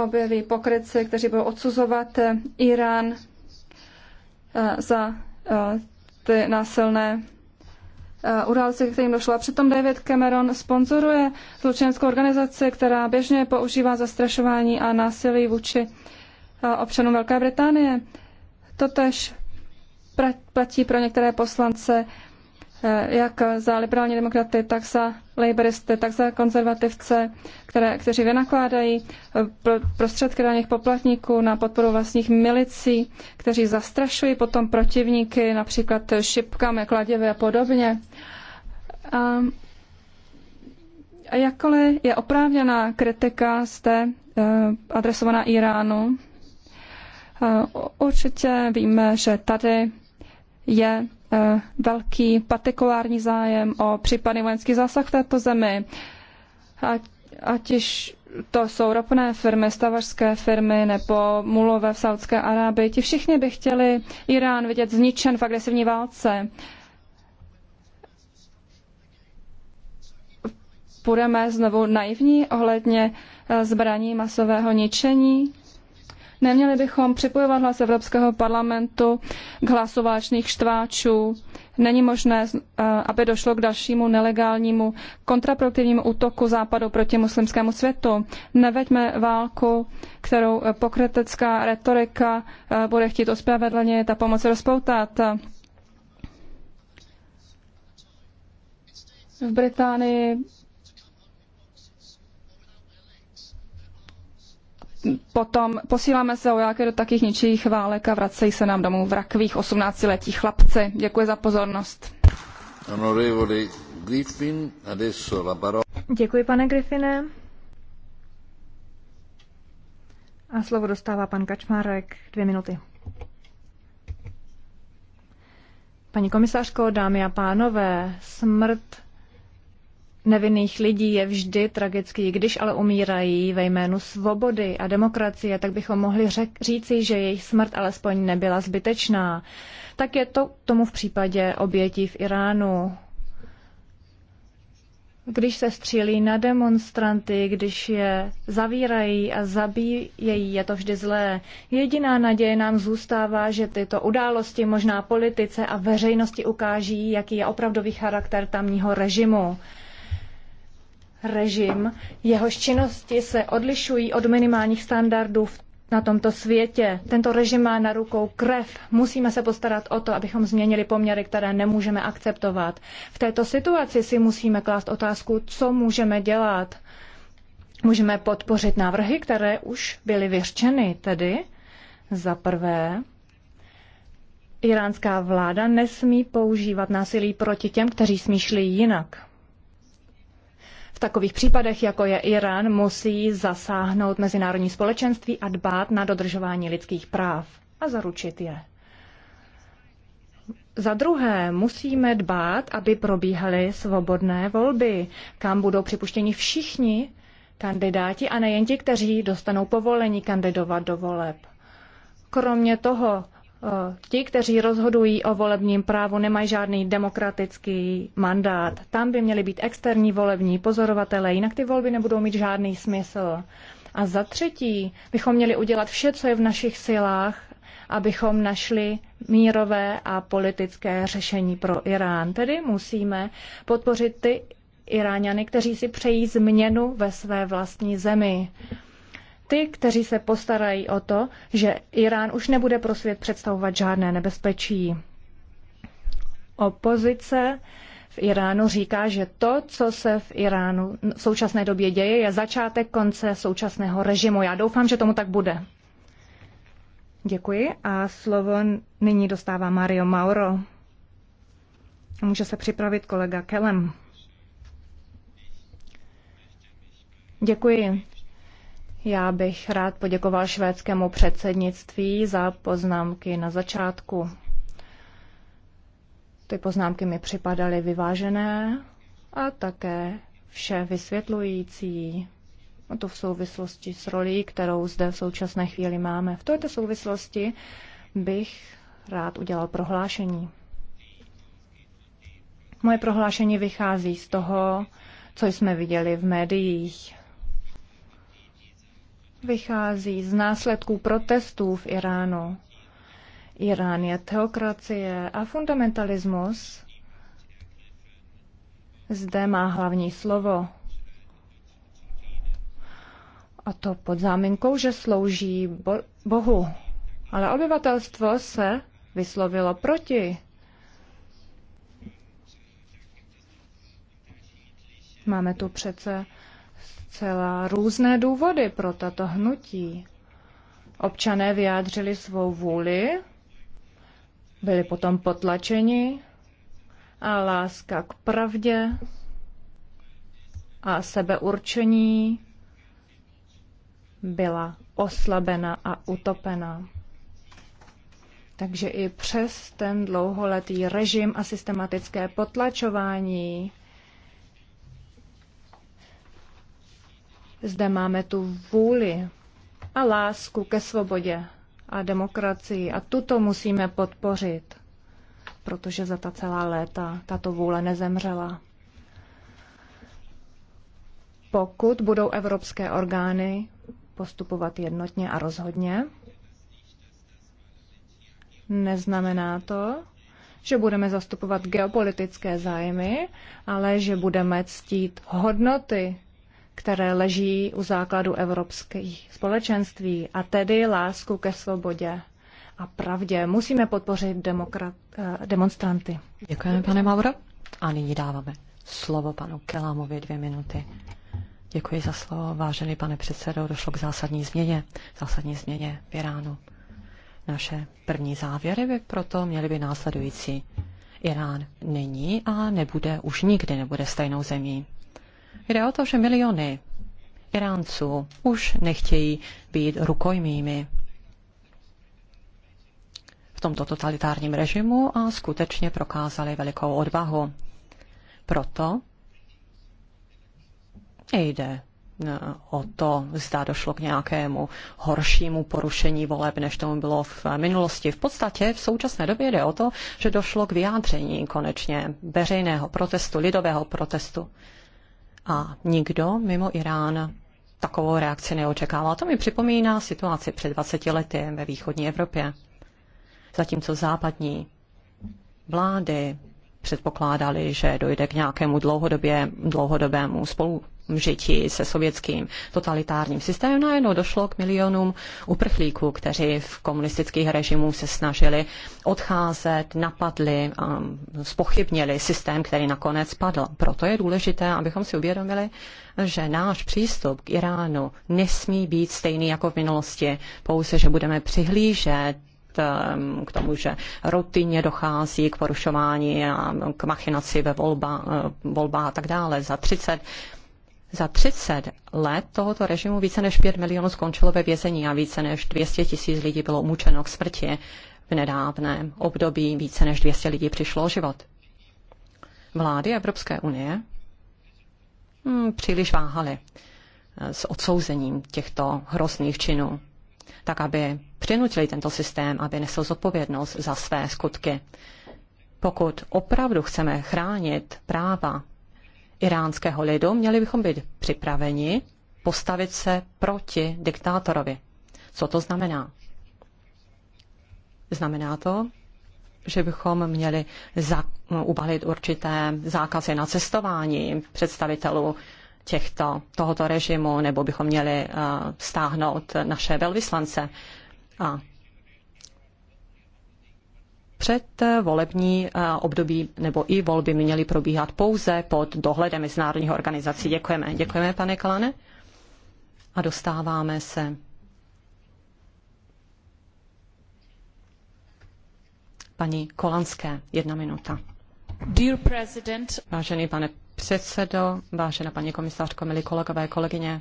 objeví pokryci, kteří budou odsuzovat Irán za ty násilné Eh, události, kterým došlo. A přitom David Cameron sponzoruje zločineckou organizaci, která běžně používá zastrašování a násilí vůči eh, občanům Velké Británie. Totež platí pro některé poslance Eh, jak za liberální demokraty, tak za laboristy, tak za konzervativce, které, kteří vynakládají eh, prostředky daných poplatníků na podporu vlastních milicí, kteří zastrašují potom protivníky, například šipkami, kladivy a podobně. A jakkoliv je oprávněná kritika zde eh, adresovaná Iránu, určitě víme, že tady je Eh, velký partikulární zájem o případný vojenský zásah v této zemi. Ať, ať již to jsou ropné firmy, stavařské firmy nebo mulové v Saudské Arábii, ti všichni by chtěli Irán vidět zničen v agresivní válce. Budeme znovu naivní ohledně eh, zbraní masového ničení Neměli bychom připojovat hlas Evropského parlamentu k hlasu válečných štváčů. Není možné, eh, aby došlo k dalšímu nelegálnímu kontraproduktivnímu útoku Západu proti muslimskému světu. Neveďme válku, kterou eh, pokrytecká retorika eh, bude chtít ospravedlnit a pomoci rozpoutat. V Británii potom posíláme se vojáky do takých ničích válek a vracejí se nám domů v rakvích 18-letí chlapci. Děkuji za pozornost. Děkuji, pane Griffine. A slovo dostává pan Kačmárek. Dvě minuty. Paní komisařko, dámy a pánové, smrt nevinných lidí je vždy tragický, když ale umírají ve jménu svobody a demokracie, tak bychom mohli řek, říci, že jejich smrt alespoň nebyla zbytečná. Tak je to tomu v případě obětí v Iránu. Když se střílí na demonstranty, když je zavírají a zabíjejí, je to vždy zlé. Jediná naděje nám zůstává, že tyto události možná politice a veřejnosti ukáží, jaký je opravdový charakter tamního režimu režim, jehož činnosti se odlišují od minimálních standardů na tomto světě. Tento režim má na rukou krev. Musíme se postarat o to, abychom změnili poměry, které nemůžeme akceptovat. V této situaci si musíme klást otázku, co můžeme dělat. Můžeme podpořit návrhy, které už byly vyřčeny, tedy za prvé iránská vláda nesmí používat násilí proti těm, kteří smýšlí jinak takových případech, jako je Irán, musí zasáhnout mezinárodní společenství a dbát na dodržování lidských práv a zaručit je. Za druhé, musíme dbát, aby probíhaly svobodné volby, kam budou připuštěni všichni kandidáti a nejen ti, kteří dostanou povolení kandidovat do voleb. Kromě toho Eh, ti, kteří rozhodují o volebním právu, nemají žádný demokratický mandát. Tam by měli být externí volební pozorovatele, jinak ty volby nebudou mít žádný smysl. A za třetí bychom měli udělat vše, co je v našich silách, abychom našli mírové a politické řešení pro Irán. Tedy musíme podpořit ty Iráňany, kteří si přejí změnu ve své vlastní zemi ty, kteří se postarají o to, že Irán už nebude pro svět představovat žádné nebezpečí. Opozice v Iránu říká, že to, co se v Iránu v současné době děje, je začátek konce současného režimu. Já doufám, že tomu tak bude. Děkuji a slovo nyní dostává Mario Mauro. Může se připravit kolega Kelem. Děkuji. Já bych rád poděkoval švédskému předsednictví za poznámky na začátku. Ty poznámky mi připadaly vyvážené a také vše vysvětlující. A to v souvislosti s rolí, kterou zde v současné chvíli máme. V této souvislosti bych rád udělal prohlášení. Moje prohlášení vychází z toho, co jsme viděli v médiích vychází z následků protestů v Iránu. Irán je teokracie a fundamentalismus zde má hlavní slovo. A to pod záminkou, že slouží bo- Bohu. Ale obyvatelstvo se vyslovilo proti. Máme tu přece docela různé důvody pro tato hnutí. Občané vyjádřili svou vůli, byli potom potlačeni a láska k pravdě a sebeurčení byla oslabena a utopena. Takže i přes ten dlouholetý režim a systematické potlačování Zde máme tu vůli a lásku ke svobodě a demokracii a tuto musíme podpořit, protože za ta celá léta tato vůle nezemřela. Pokud budou evropské orgány postupovat jednotně a rozhodně, neznamená to, že budeme zastupovat geopolitické zájmy, ale že budeme ctít hodnoty které leží u základu evropských společenství, a tedy lásku ke svobodě a pravdě. Musíme podpořit demokrat, eh, demonstranty. Děkujeme, pane Mauro. A nyní dáváme slovo panu Kelámovi dvě minuty. Děkuji za slovo, vážený pane předsedo. Došlo k zásadní změně, zásadní změně v Iránu. Naše první závěry by proto měly by následující. Irán není a nebude už nikdy nebude stejnou zemí. Jde o to, že miliony Iránců už nechtějí být rukojmími v tomto totalitárním režimu a skutečně prokázali velikou odvahu. Proto jde eh, o to, zda došlo k nějakému horšímu porušení voleb, než tomu bylo v minulosti. V podstatě v současné době jde o to, že došlo k vyjádření konečně veřejného protestu, lidového protestu a nikdo mimo Irán takovou reakci neočekával. To mi připomíná situaci před 20 lety ve východní Evropě. Zatímco západní vlády předpokládali, že dojde k nějakému dlouhodobě, dlouhodobému spolu žití se sovětským totalitárním systémem. Najednou došlo k milionům uprchlíků, kteří v komunistických režimů se snažili odcházet, napadli, spochybnili systém, který nakonec padl. Proto je důležité, abychom si uvědomili, že náš přístup k Iránu nesmí být stejný jako v minulosti, pouze, že budeme přihlížet ehm, k tomu, že rutinně dochází k porušování a k machinaci ve volba, eh, volbách a tak dále. Za 30 za 30 let tohoto režimu více než 5 milionů skončilo ve vězení a více než 200 tisíc lidí bylo umučeno k smrti. V nedávném období více než 200 lidí přišlo o život. Vlády Evropské unie hmm, příliš váhaly eh, s odsouzením těchto hrozných činů, tak aby přinutili tento systém, aby nesl zodpovědnost za své skutky. Pokud opravdu chceme chránit práva iránského lidu, měli bychom být připraveni postavit se proti diktátorovi. Co to znamená? Znamená to, že bychom měli ubalit určité zákazy na cestování představitelů těchto, tohoto režimu, nebo bychom měli eh, stáhnout naše velvyslance. A před eh, volební eh, období nebo i volby měly probíhat pouze pod dohledem mezinárodních organizací. Děkujeme. Děkujeme, pane Kalane. A dostáváme se paní Kolanské. Jedna minuta. Dear President. Vážený pane předsedo, vážená paní komisářko, milí kolegové, kolegyně,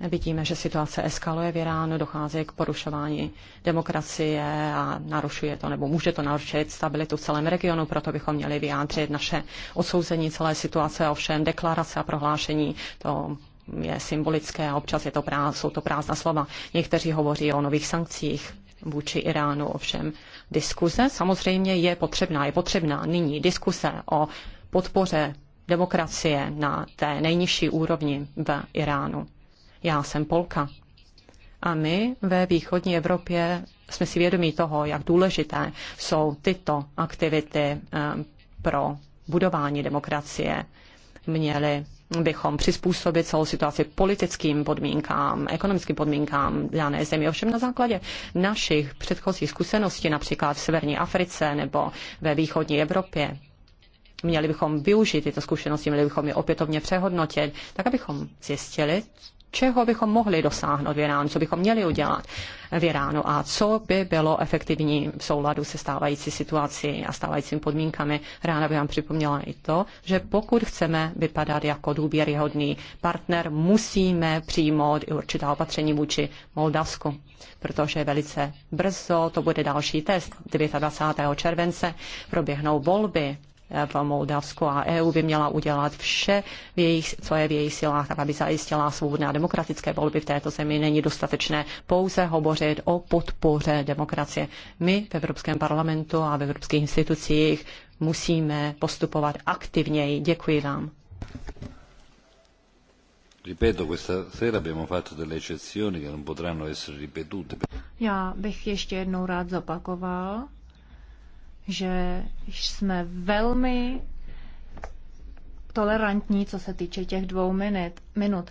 Vidíme, že situace eskaluje v Iránu, dochází k porušování demokracie a narušuje to, nebo může to narušit stabilitu v celém regionu, proto bychom měli vyjádřit naše odsouzení celé situace, ovšem deklarace a prohlášení to je symbolické a občas je to práz, jsou to prázdná slova. Někteří hovoří o nových sankcích vůči Iránu, ovšem diskuze samozřejmě je potřebná, je potřebná nyní diskuse o podpoře demokracie na té nejnižší úrovni v Iránu. Já jsem Polka. A my ve východní Evropě jsme si vědomí toho, jak důležité jsou tyto aktivity eh, pro budování demokracie. Měli bychom přizpůsobit celou situaci politickým podmínkám, ekonomickým podmínkám dané zemi. Ovšem na základě našich předchozích zkušeností, například v severní Africe nebo ve východní Evropě, měli bychom využít tyto zkušenosti, měli bychom je opětovně přehodnotit, tak abychom zjistili, čeho bychom mohli dosáhnout v Iránu, co bychom měli udělat v Iránu a co by bylo efektivní v souladu se stávající situací a stávajícími podmínkami. Ráda bych vám připomněla i to, že pokud chceme vypadat jako důvěryhodný partner, musíme přijmout i určitá opatření vůči Moldavsku, protože velice brzo to bude další test. 29. července proběhnou volby v Moldavsku a EU by měla udělat vše, v jejich, co je v jejich silách, tak aby zajistila svobodné a demokratické volby v této zemi. Není dostatečné pouze hovořit o podpoře demokracie. My v Evropském parlamentu a v evropských institucích musíme postupovat aktivněji. Děkuji vám. Já bych ještě jednou rád zopakoval, že jsme velmi tolerantní, co se týče těch dvou minut, minut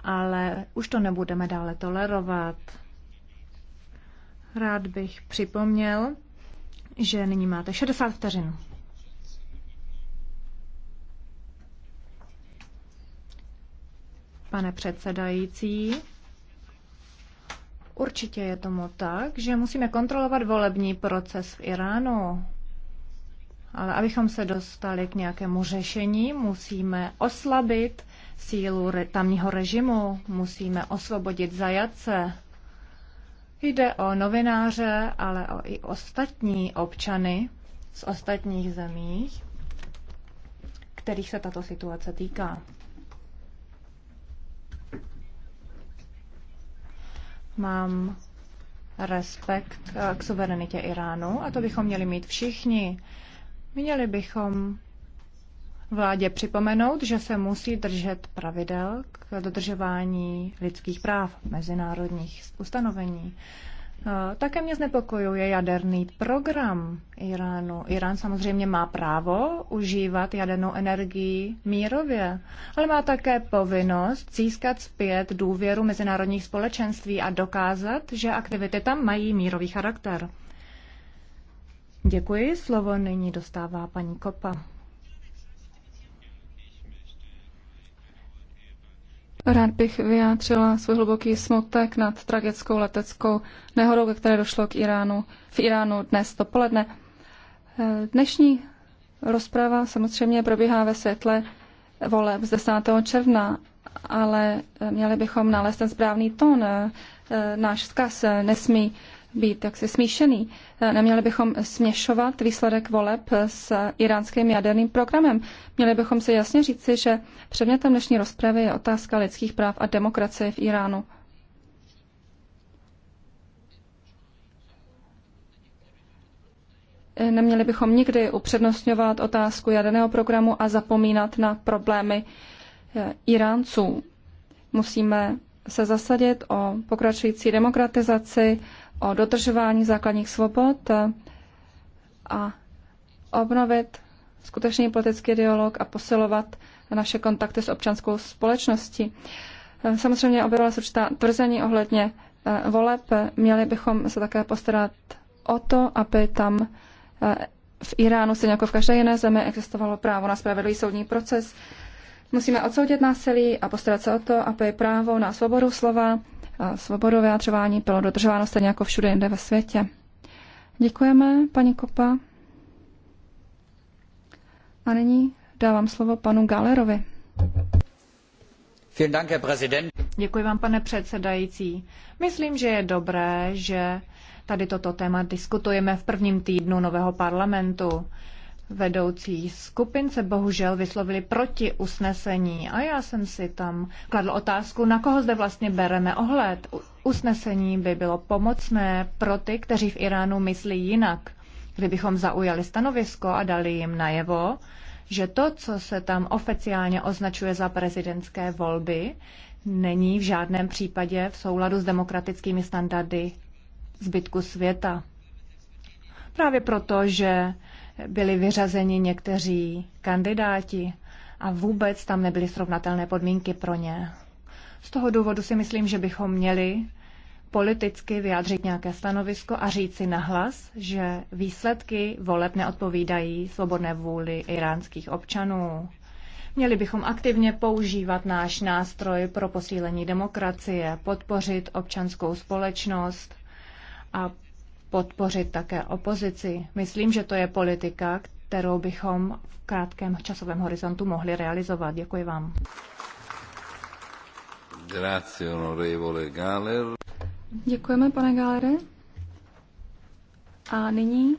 ale už to nebudeme dále tolerovat. Rád bych připomněl, že nyní máte 60 vteřin. Pane předsedající, určitě je tomu tak, že musíme kontrolovat volební proces v Iránu. Ale abychom se dostali k nějakému řešení, musíme oslabit sílu tamního režimu, musíme osvobodit zajace. Jde o novináře, ale o i ostatní občany z ostatních zemí, kterých se tato situace týká. Mám respekt eh, k suverenitě Iránu a to bychom měli mít všichni. Měli bychom vládě připomenout, že se musí držet pravidel k dodržování lidských práv mezinárodních ustanovení. Také mě znepokojuje jaderný program Iránu. Irán samozřejmě má právo užívat jadernou energii mírově, ale má také povinnost získat zpět důvěru mezinárodních společenství a dokázat, že aktivity tam mají mírový charakter. Děkuji. Slovo nyní dostává paní Kopa. Rád bych vyjádřila svůj hluboký smutek nad tragickou leteckou nehodou, ke které došlo k Iránu, v Iránu dnes dopoledne. Dnešní rozprava samozřejmě probíhá ve světle voleb z 10. června, ale měli bychom nalézt ten správný tón. Náš vzkaz nesmí být jaksi smíšený. Eh, neměli bychom směšovat výsledek voleb eh, s iránským jaderným programem. Měli bychom si jasně říci, že předmětem dnešní rozpravy je otázka lidských práv a demokracie v Iránu. Eh, neměli bychom nikdy upřednostňovat otázku jaderného programu a zapomínat na problémy Iránců. Musíme se zasadit o pokračující demokratizaci o dotržování základních svobod a obnovit skutečný politický dialog a posilovat naše kontakty s občanskou společností. Samozřejmě objevila se určitá tvrzení ohledně eh, voleb. Měli bychom se také postarat o to, aby tam eh, v Iránu, stejně jako v každé jiné zemi, existovalo právo na spravedlivý soudní proces. Musíme odsoudit násilí a postarat se o to, aby právo na svobodu slova svobodu vyjadřování bylo dodržováno stejně jako všude jinde ve světě. Děkujeme, paní Kopa. A nyní dávám slovo panu Galerovi. Děkuji vám, pane předsedající. Myslím, že je dobré, že tady toto téma diskutujeme v prvním týdnu nového parlamentu. Vedoucí skupin se bohužel vyslovili proti usnesení a já jsem si tam kladl otázku, na koho zde vlastně bereme ohled. Usnesení by bylo pomocné pro ty, kteří v Iránu myslí jinak, kdybychom zaujali stanovisko a dali jim najevo, že to, co se tam oficiálně označuje za prezidentské volby, není v žádném případě v souladu s demokratickými standardy zbytku světa. Právě proto, že byli vyřazeni někteří kandidáti a vůbec tam nebyly srovnatelné podmínky pro ně. Z toho důvodu si myslím, že bychom měli politicky vyjádřit nějaké stanovisko a říci nahlas, že výsledky voleb neodpovídají svobodné vůli iránských občanů. Měli bychom aktivně používat náš nástroj pro posílení demokracie, podpořit občanskou společnost a podpořit také opozici. Myslím, že to je politika, kterou bychom v krátkém časovém horizontu mohli realizovat. Děkuji vám. Galer. Děkujeme, pane Galere. A nyní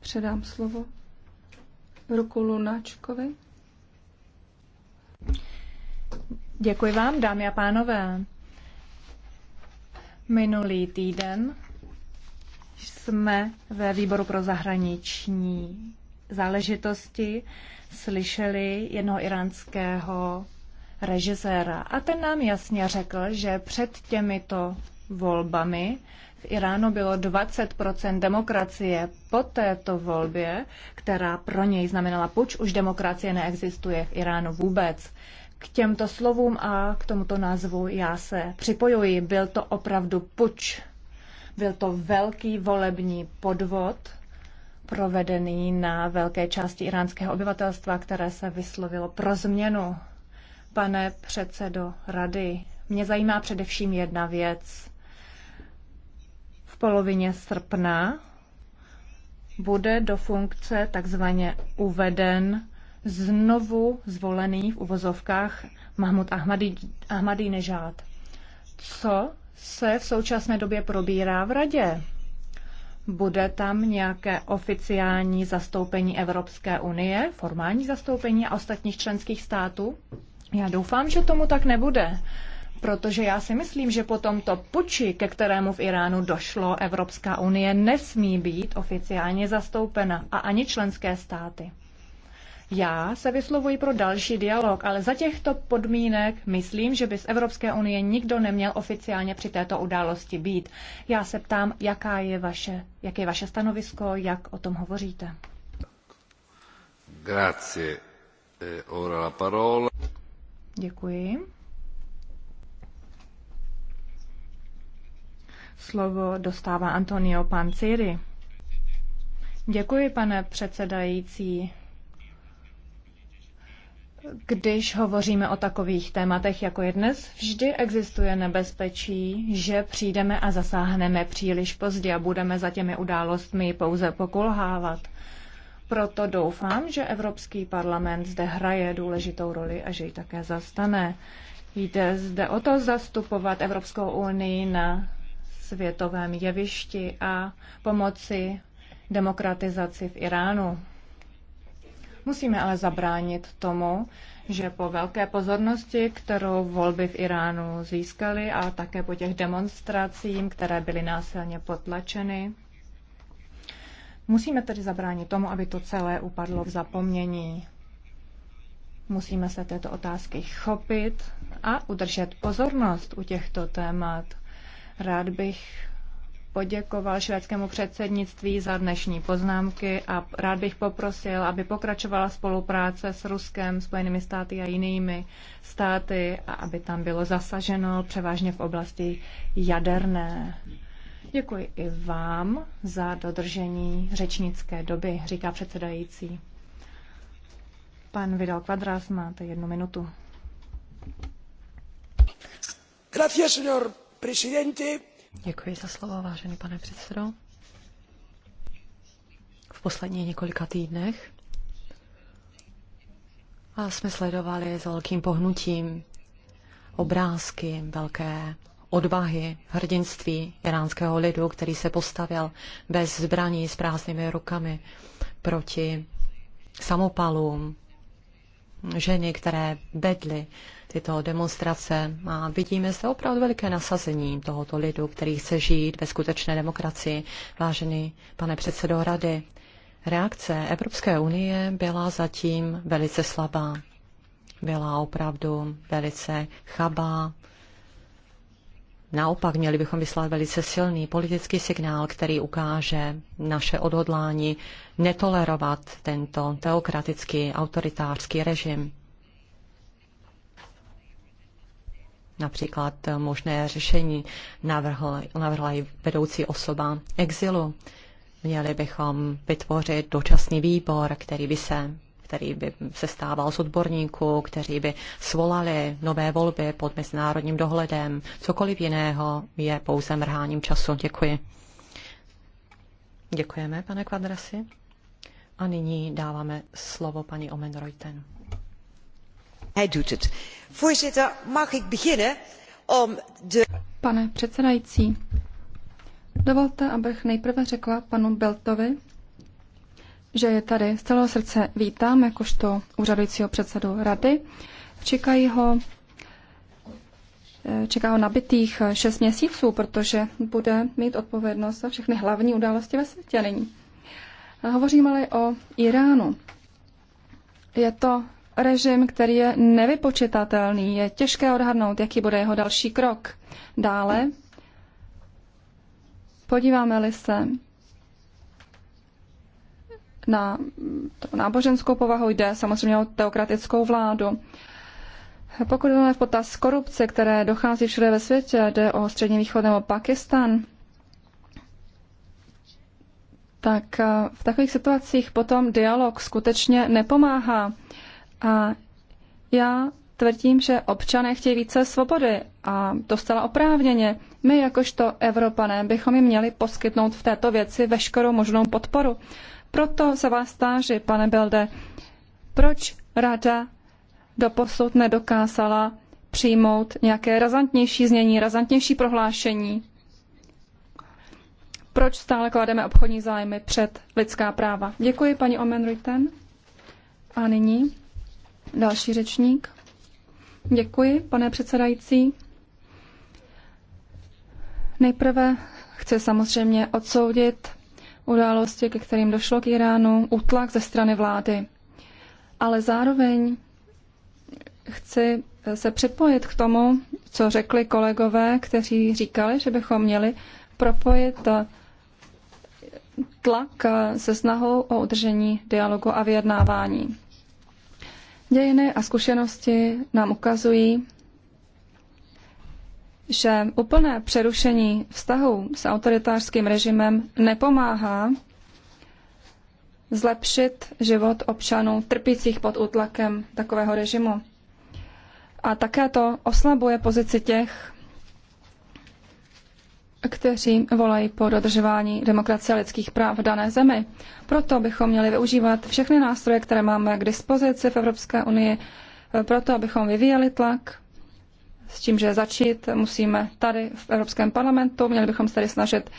předám slovo Ruku Lunáčkovi. Děkuji vám, dámy a pánové. Minulý týden jsme ve výboru pro zahraniční záležitosti slyšeli jednoho iránského režiséra a ten nám jasně řekl, že před těmito volbami v Iránu bylo 20 demokracie. Po této volbě, která pro něj znamenala puč, už demokracie neexistuje v Iránu vůbec. K těmto slovům a k tomuto názvu já se připojuji. Byl to opravdu puč. Byl to velký volební podvod provedený na velké části iránského obyvatelstva, které se vyslovilo pro změnu. Pane předsedo rady, mě zajímá především jedna věc. V polovině srpna bude do funkce takzvaně uveden znovu zvolený v uvozovkách Mahmud Ahmadinejad. Co se v současné době probírá v radě? Bude tam nějaké oficiální zastoupení Evropské unie, formální zastoupení a ostatních členských států? Já doufám, že tomu tak nebude, protože já si myslím, že po tomto puči, ke kterému v Iránu došlo, Evropská unie nesmí být oficiálně zastoupena a ani členské státy. Já se vyslovuji pro další dialog, ale za těchto podmínek myslím, že by z Evropské unie nikdo neměl oficiálně při této události být. Já se ptám, jaká je vaše, jaké je vaše stanovisko, jak o tom hovoříte. Grazie. Eh, ora la parola. Děkuji. Slovo dostává Antonio Panciri. Děkuji, pane předsedající. Když hovoříme o takových tématech, jako je dnes, vždy existuje nebezpečí, že přijdeme a zasáhneme příliš pozdě a budeme za těmi událostmi pouze pokulhávat. Proto doufám, že Evropský parlament zde hraje důležitou roli a že ji také zastane. Jde zde o to zastupovat Evropskou unii na světovém jevišti a pomoci demokratizaci v Iránu. Musíme ale zabránit tomu, že po velké pozornosti, kterou volby v Iránu získaly a také po těch demonstracím, které byly násilně potlačeny, musíme tedy zabránit tomu, aby to celé upadlo v zapomnění. Musíme se této otázky chopit a udržet pozornost u těchto témat. Rád bych poděkoval švédskému předsednictví za dnešní poznámky a rád bych poprosil, aby pokračovala spolupráce s Ruskem, Spojenými státy a jinými státy a aby tam bylo zasaženo převážně v oblasti jaderné. Děkuji i vám za dodržení řečnické doby, říká předsedající. Pan Vidal Quadras, máte jednu minutu. Gracias, señor presidente. Děkuji za slovo, vážený pane předsedo. V posledních několika týdnech a jsme sledovali s velkým pohnutím obrázky velké odvahy, hrdinství iránského lidu, který se postavil bez zbraní s prázdnými rukami proti samopalům, ženy, které vedly tyto demonstrace. A vidíme zde opravdu veliké nasazení tohoto lidu, který chce žít ve skutečné demokracii. Vážený pane předsedo rady, reakce Evropské unie byla zatím velice slabá. Byla opravdu velice chabá, Naopak měli bychom vyslat velice silný politický signál, který ukáže naše odhodlání netolerovat tento teokratický autoritářský režim. Například možné řešení navrhla i vedoucí osoba exilu. Měli bychom vytvořit dočasný výbor, který by se který by se stával z odborníků, kteří by svolali nové volby pod mezinárodním dohledem. Cokoliv jiného je pouze mrháním času. Děkuji. Děkujeme, pane Kvadrasi. A nyní dáváme slovo paní Omen Reuten. Hij doet het. Voorzitter, mag ik beginnen om de... Pane předsedající, dovolte, abych nejprve řekla panu Beltovi, že je tady z celého srdce vítám jakožto úřadujícího předsedu rady. Čekají ho, eh, čeká ho nabitých eh, šest měsíců, protože bude mít odpovědnost za všechny hlavní události ve světě nyní. Hovořím ale o Iránu. Je to režim, který je nevypočitatelný. Je těžké odhadnout, jaký bude jeho další krok. Dále, podíváme-li se na náboženskou povahu, jde samozřejmě o teokratickou vládu. Pokud jdeme v potaz korupce, které dochází všude ve světě, jde o střední východ nebo Pakistan, tak eh, v takových situacích potom dialog skutečně nepomáhá. A já tvrdím, že občané chtějí více svobody a to zcela oprávněně. My jakožto Evropané bychom jim měli poskytnout v této věci veškerou možnou podporu. Proto se vás táži, pane Belde, proč rada doposud nedokázala přijmout nějaké razantnější znění, razantnější prohlášení? Proč stále klademe obchodní zájmy před lidská práva? Děkuji, paní Omen Ritten. A nyní další řečník. Děkuji, pane předsedající. Nejprve chci samozřejmě odsoudit události, ke kterým došlo k Iránu, útlak ze strany vlády. Ale zároveň chci se připojit k tomu, co řekli kolegové, kteří říkali, že bychom měli propojit eh, tlak eh, se snahou o udržení dialogu a vyjednávání. Dějiny a zkušenosti nám ukazují, že úplné přerušení vztahu s autoritářským režimem nepomáhá zlepšit život občanů trpících pod útlakem takového režimu. A také to oslabuje pozici těch, kteří volají po dodržování demokracie a lidských práv v dané zemi. Proto bychom měli využívat všechny nástroje, které máme k dispozici v Evropské unii, proto abychom vyvíjeli tlak s tím, že začít musíme tady v Evropském parlamentu, měli bychom se tady snažit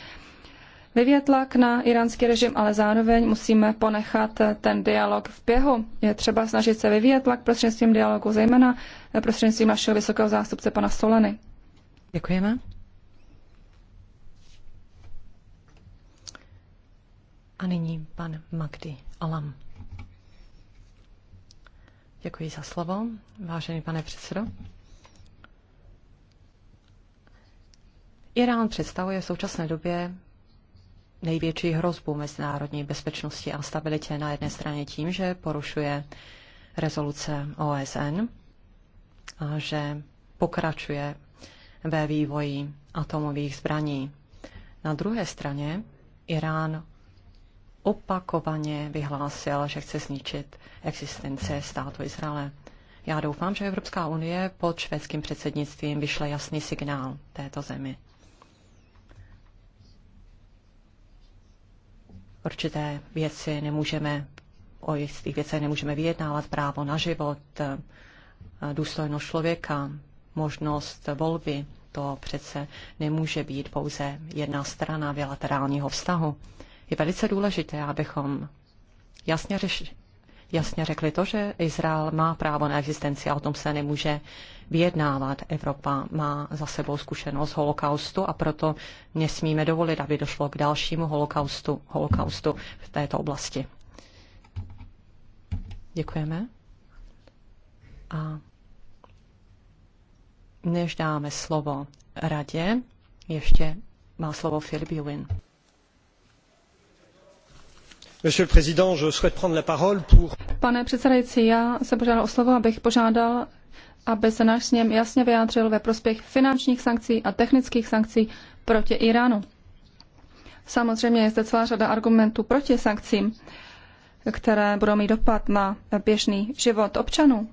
vyvíjet tlak na iránský režim, ale zároveň musíme ponechat ten dialog v běhu. Je třeba snažit se vyvíjet tlak prostřednictvím dialogu, zejména prostřednictvím našeho vysokého zástupce pana Solany. Děkujeme. A nyní pan Magdi Alam. Děkuji za slovo, vážený pane předsedo. Irán představuje v současné době největší hrozbu mezinárodní bezpečnosti a stabilitě na jedné straně tím, že porušuje rezoluce OSN a že pokračuje ve vývoji atomových zbraní. Na druhé straně Irán opakovaně vyhlásil, že chce zničit existence státu Izraele. Já doufám, že Evropská unie pod švédským předsednictvím vyšle jasný signál této zemi. určité věci nemůžeme, o jistých věcech nemůžeme vyjednávat, právo na život, eh, důstojnost člověka, možnost volby, to přece nemůže být pouze jedna strana bilaterálního vztahu. Je velice důležité, abychom jasně řeš, jasně řekli to, že Izrael má právo na existenci a o tom se nemůže vyjednávat. Evropa má za sebou zkušenost holokaustu a proto nesmíme dovolit, aby došlo k dalšímu holokaustu, holokaustu v této oblasti. Děkujeme. A než dáme slovo radě, ještě má slovo Filip Juin. Pane předsedající, já jsem požádal o slovo, abych požádal, aby se náš sněm jasně vyjádřil ve prospěch finančních sankcí a technických sankcí proti Iránu. Samozřejmě je zde celá řada argumentů proti sankcím, které budou mít dopad na běžný život občanů.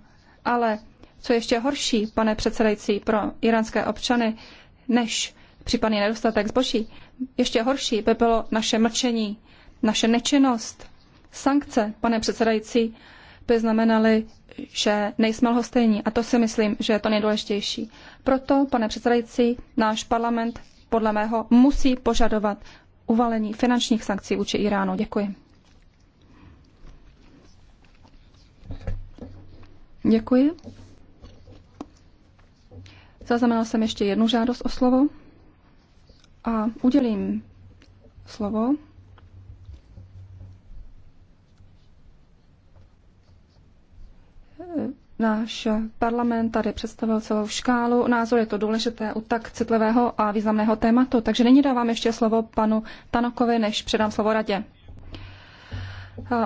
Ale co ještě horší, pane předsedající, pro iránské občany, než případný nedostatek zboží, ještě horší by bylo naše mlčení naše nečinnost. Sankce, pane předsedající, by znamenaly, že nejsme lhostejní a to si myslím, že je to nejdůležitější. Proto, pane předsedající, náš parlament podle mého musí požadovat uvalení finančních sankcí vůči Iránu. Děkuji. Děkuji. Zaznamenal jsem ještě jednu žádost o slovo a udělím slovo náš parlament tady představil celou škálu názor. Je to důležité u tak citlivého a významného tématu. Takže nyní dávám ještě slovo panu Tanokovi, než předám slovo radě.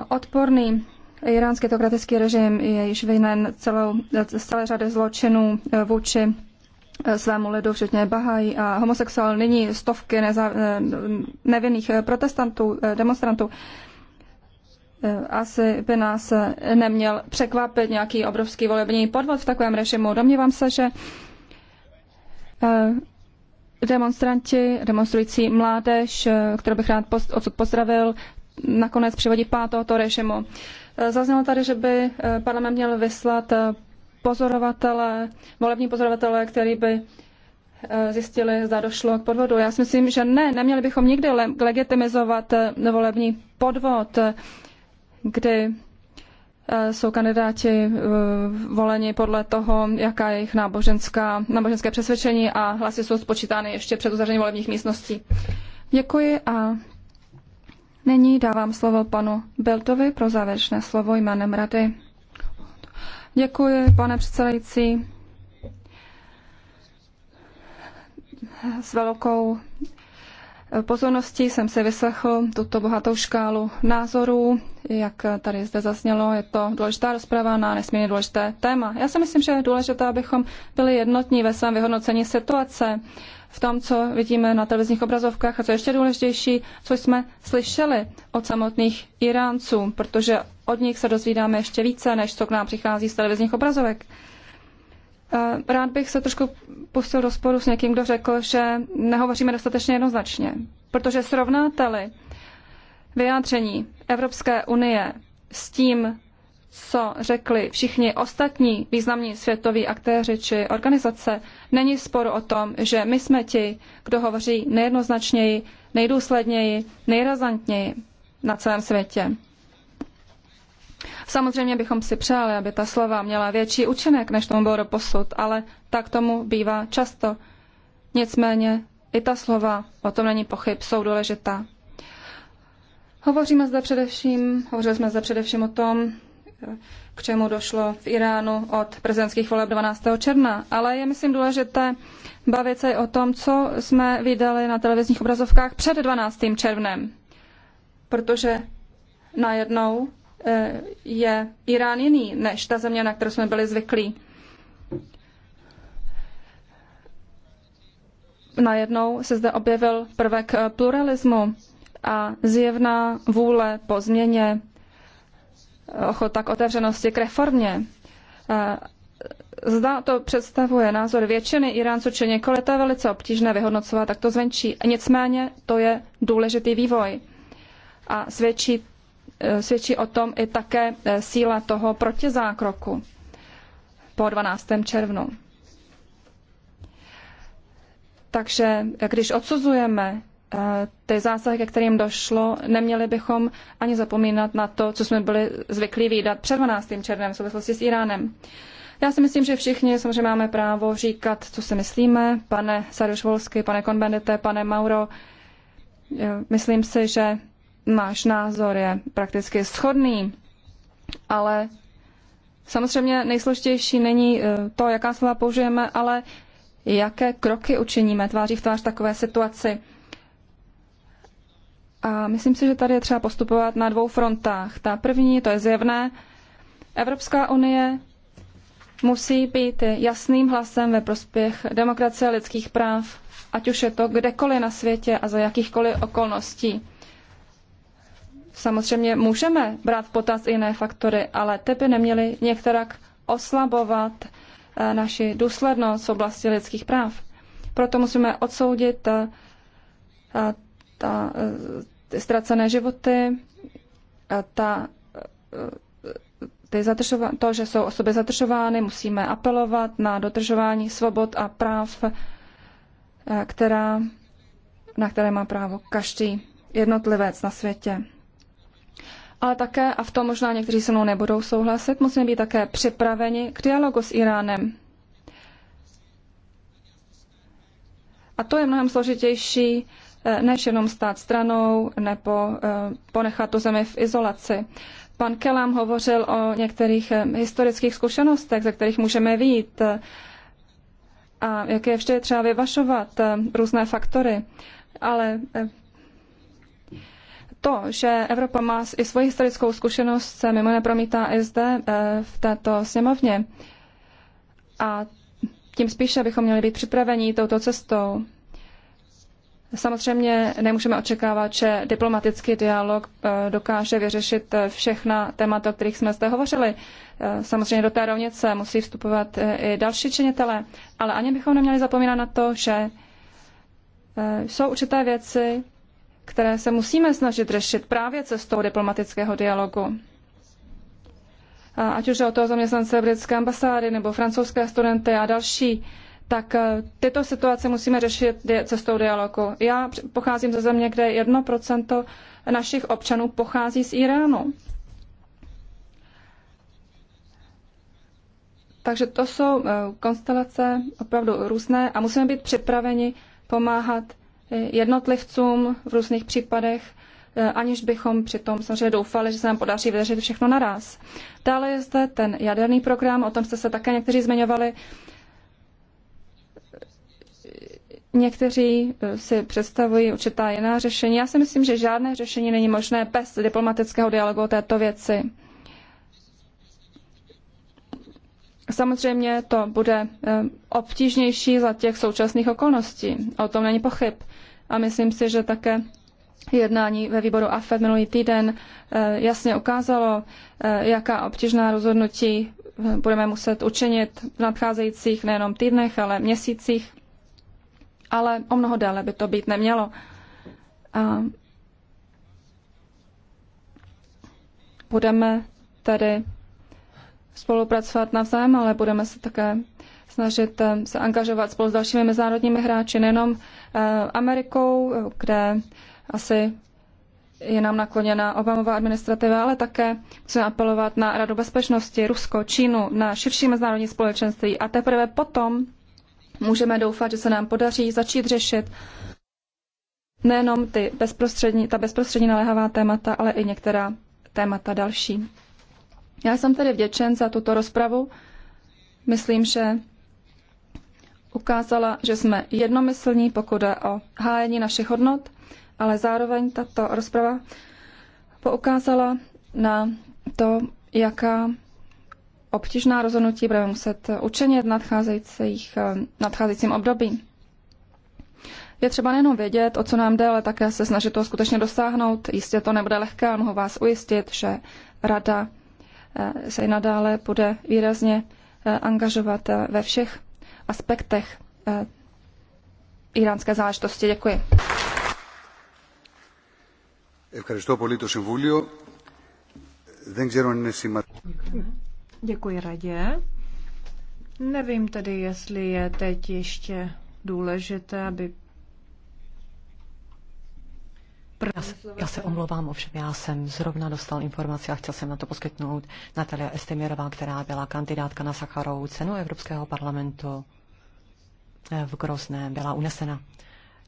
Odporný iránský teokratický režim je již vinen celou, z celé řady zločinů e, vůči e, svému lidu, včetně Bahají a homosexuál. Nyní stovky neza, e, nevinných protestantů, demonstrantů Eh, asi by nás eh, neměl překvapit nějaký obrovský volební podvod v takovém režimu. Domnívám se, že eh, demonstranti, demonstrující mládež, kterou bych rád odsud pozdravil, nakonec přivodí pát tohoto režimu. Zaznělo tady, že by parlament měl vyslat pozorovatele, volební pozorovatele, který by zjistili, zda došlo k podvodu. Já si myslím, že ne, neměli bychom nikdy legitimizovat volební podvod kdy eh, jsou kandidáti eh, voleni podle toho, jaká je jejich náboženská, náboženské přesvědčení a hlasy jsou spočítány ještě před uzavřením volebních místností. Děkuji a nyní dávám slovo panu Beltovi pro závěrečné slovo jménem Rady. Děkuji, pane předsedající. S velkou Pozornosti, jsem si vyslechl tuto bohatou škálu názorů. Jak tady zde zaznělo, je to důležitá rozprava na nesmírně důležité téma. Já si myslím, že je důležité, abychom byli jednotní ve svém vyhodnocení situace, v tom, co vidíme na televizních obrazovkách a co ještě důležitější, co jsme slyšeli od samotných Iránců, protože od nich se dozvídáme ještě více, než co k nám přichází z televizních obrazovek. Eh, rád bych se trošku pustil do sporu s někým, kdo řekl, že nehovoříme dostatečně jednoznačně, protože srovnáte-li vyjádření Evropské unie s tím, co řekli všichni ostatní významní světoví aktéři či organizace, není sporu o tom, že my jsme ti, kdo hovoří nejednoznačněji, nejdůsledněji, nejrazantněji na celém světě. Samozřejmě bychom si přáli, aby ta slova měla větší účinek, než tomu bylo doposud, ale tak tomu bývá často. Nicméně i ta slova, o tom není pochyb, jsou důležitá. Hovoříme zde především, hovořili jsme zde především o tom, k čemu došlo v Iránu od prezidentských voleb 12. června. Ale je, myslím, důležité bavit se i o tom, co jsme viděli na televizních obrazovkách před 12. červnem. Protože najednou Eh, je Irán jiný než ta země, na kterou jsme byli zvyklí. Najednou se zde objevil prvek eh, pluralismu a zjevná vůle po změně, eh, ochota k otevřenosti k reformě. Zda to představuje názor většiny Iránců či několik, to je velice obtížné vyhodnocovat takto zvenčí. Nicméně to je důležitý vývoj a svědčí Eh, svědčí o tom i také eh, síla toho protizákroku po 12. červnu. Takže když odsuzujeme eh, ty zásahy, ke kterým došlo, neměli bychom ani zapomínat na to, co jsme byli zvyklí výdat před 12. červnem v souvislosti s Iránem. Já si myslím, že všichni samozřejmě máme právo říkat, co si myslíme. Pane Sarušvolsky, pane Konbendete, pane Mauro, myslím si, že Náš názor je prakticky shodný, ale samozřejmě nejsložitější není eh, to, jaká slova použijeme, ale jaké kroky učiníme tváří v tvář takové situaci. A myslím si, že tady je třeba postupovat na dvou frontách. Ta první, to je zjevné, Evropská unie musí být jasným hlasem ve prospěch demokracie a lidských práv, ať už je to kdekoliv na světě a za jakýchkoliv okolností samozřejmě můžeme brát v potaz jiné faktory, ale ty by neměly některak oslabovat eh, naši důslednost v oblasti lidských práv. Proto musíme odsoudit eh, ta, eh, ty ztracené životy, ta, ty to, že jsou osoby zadržovány, musíme apelovat na dodržování svobod a práv, která, na které má právo každý jednotlivec na světě ale také, a v tom možná někteří se mnou nebudou souhlasit, musíme být také připraveni k dialogu s Iránem. A to je mnohem složitější, eh, než jenom stát stranou nebo eh, ponechat tu zemi v izolaci. Pan Kelam hovořil o některých eh, historických zkušenostech, ze kterých můžeme vít a jak je vždy třeba vyvašovat různé faktory. Ale to, že Evropa má i svoji historickou zkušenost, se mimo nepromítá i zde eh, v této sněmovně. A tím spíše bychom měli být připraveni touto cestou. Samozřejmě nemůžeme očekávat, že diplomatický dialog eh, dokáže vyřešit eh, všechna témata, o kterých jsme zde hovořili. Samozřejmě do té rovnice musí vstupovat i další činitelé, ale ani bychom neměli zapomínat na to, že jsou určité věci, které se musíme snažit řešit právě cestou diplomatického dialogu. A ať už je o toho zaměstnance britské ambasády nebo francouzské studenty a další, tak eh, tyto situace musíme řešit cestou dialogu. Já pocházím ze země, kde 1% našich občanů pochází z Iránu. Takže to jsou eh, konstelace opravdu různé a musíme být připraveni pomáhat jednotlivcům v různých případech, eh, aniž bychom přitom samozřejmě doufali, že se nám podaří vydržet všechno naraz. Dále je zde ten jaderný program, o tom jste se také někteří zmiňovali. Někteří eh, si představují určitá jiná řešení. Já si myslím, že žádné řešení není možné bez diplomatického dialogu o této věci. Samozřejmě to bude eh, obtížnější za těch současných okolností. O tom není pochyb. A myslím si, že také jednání ve výboru AFED minulý týden eh, jasně ukázalo, eh, jaká obtížná rozhodnutí budeme muset učinit v nadcházejících nejenom týdnech, ale měsících. Ale o mnoho déle by to být nemělo. A budeme tedy spolupracovat navzájem, ale budeme se také snažit eh, se angažovat spolu s dalšími mezinárodními hráči, nejenom eh, Amerikou, kde asi je nám nakloněna Obamová administrativa, ale také musíme apelovat na Radu bezpečnosti, Rusko, Čínu, na širší mezinárodní společenství a teprve potom můžeme doufat, že se nám podaří začít řešit nejenom ty bezprostřední, ta bezprostřední naléhavá témata, ale i některá témata další. Já jsem tedy vděčen za tuto rozpravu. Myslím, že ukázala, že jsme jednomyslní, pokud jde o hájení našich hodnot, ale zároveň tato rozprava poukázala na to, jaká obtížná rozhodnutí budeme muset učinit nadcházejících, eh, nadcházejícím období. Je třeba nejenom vědět, o co nám jde, ale také se snažit to skutečně dosáhnout. Jistě to nebude lehké a mohu vás ujistit, že Rada se i nadále bude výrazně eh, angažovat eh, ve všech aspektech eh, iránské záležitosti. Děkuji. Děkuji radě. Nevím tedy, jestli je teď ještě důležité, aby já se, já se omlouvám, ovšem já jsem zrovna dostal informaci a chtěl jsem na to poskytnout Natalia Estemirová, která byla kandidátka na Sacharovou cenu Evropského parlamentu eh, v Grozném, byla unesena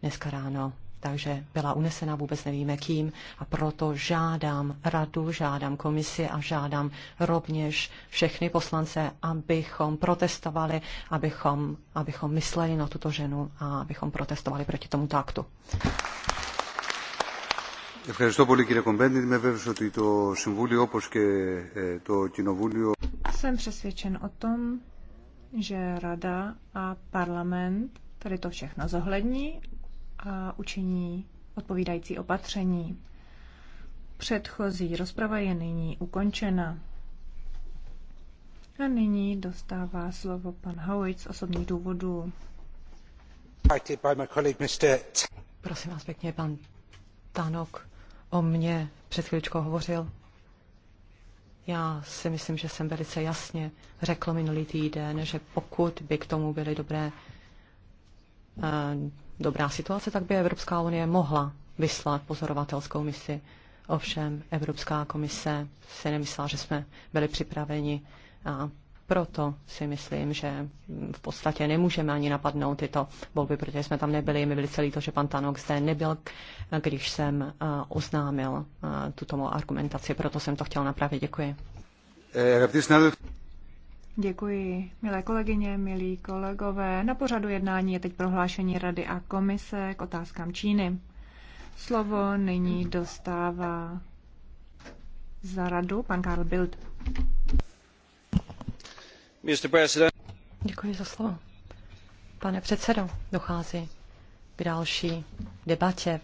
dneska ráno. Takže byla unesena, vůbec nevíme kým a proto žádám radu, žádám komisi a žádám rovněž všechny poslance, abychom protestovali, abychom, abychom mysleli na tuto ženu a abychom protestovali proti tomuto aktu. Jsem přesvědčen o tom, že Rada a parlament tady to všechno zohlední a učiní odpovídající opatření. Předchozí rozprava je nyní ukončena. A nyní dostává slovo pan Howitz z osobních důvodů. Prosím vás pěkně, pan Tanok o mně před chvíličkou hovořil. Já si myslím, že jsem velice jasně řekl minulý týden, že pokud by k tomu byly dobré, eh, dobrá situace, tak by Evropská unie mohla vyslat pozorovatelskou misi. Ovšem Evropská komise si nemyslela, že jsme byli připraveni a proto si myslím, že v podstatě nemůžeme ani napadnout tyto volby, protože jsme tam nebyli. My byli celý to, že pan Tanok zde nebyl, když jsem eh, oznámil eh, tuto mou argumentaci. Proto jsem to chtěl napravit. Děkuji. Děkuji, milé kolegyně, milí kolegové. Na pořadu jednání je teď prohlášení Rady a komise k otázkám Číny. Slovo nyní dostává za radu pan Karl Bild. Děkuji za slovo. Pane předsedo, dochází k další debatě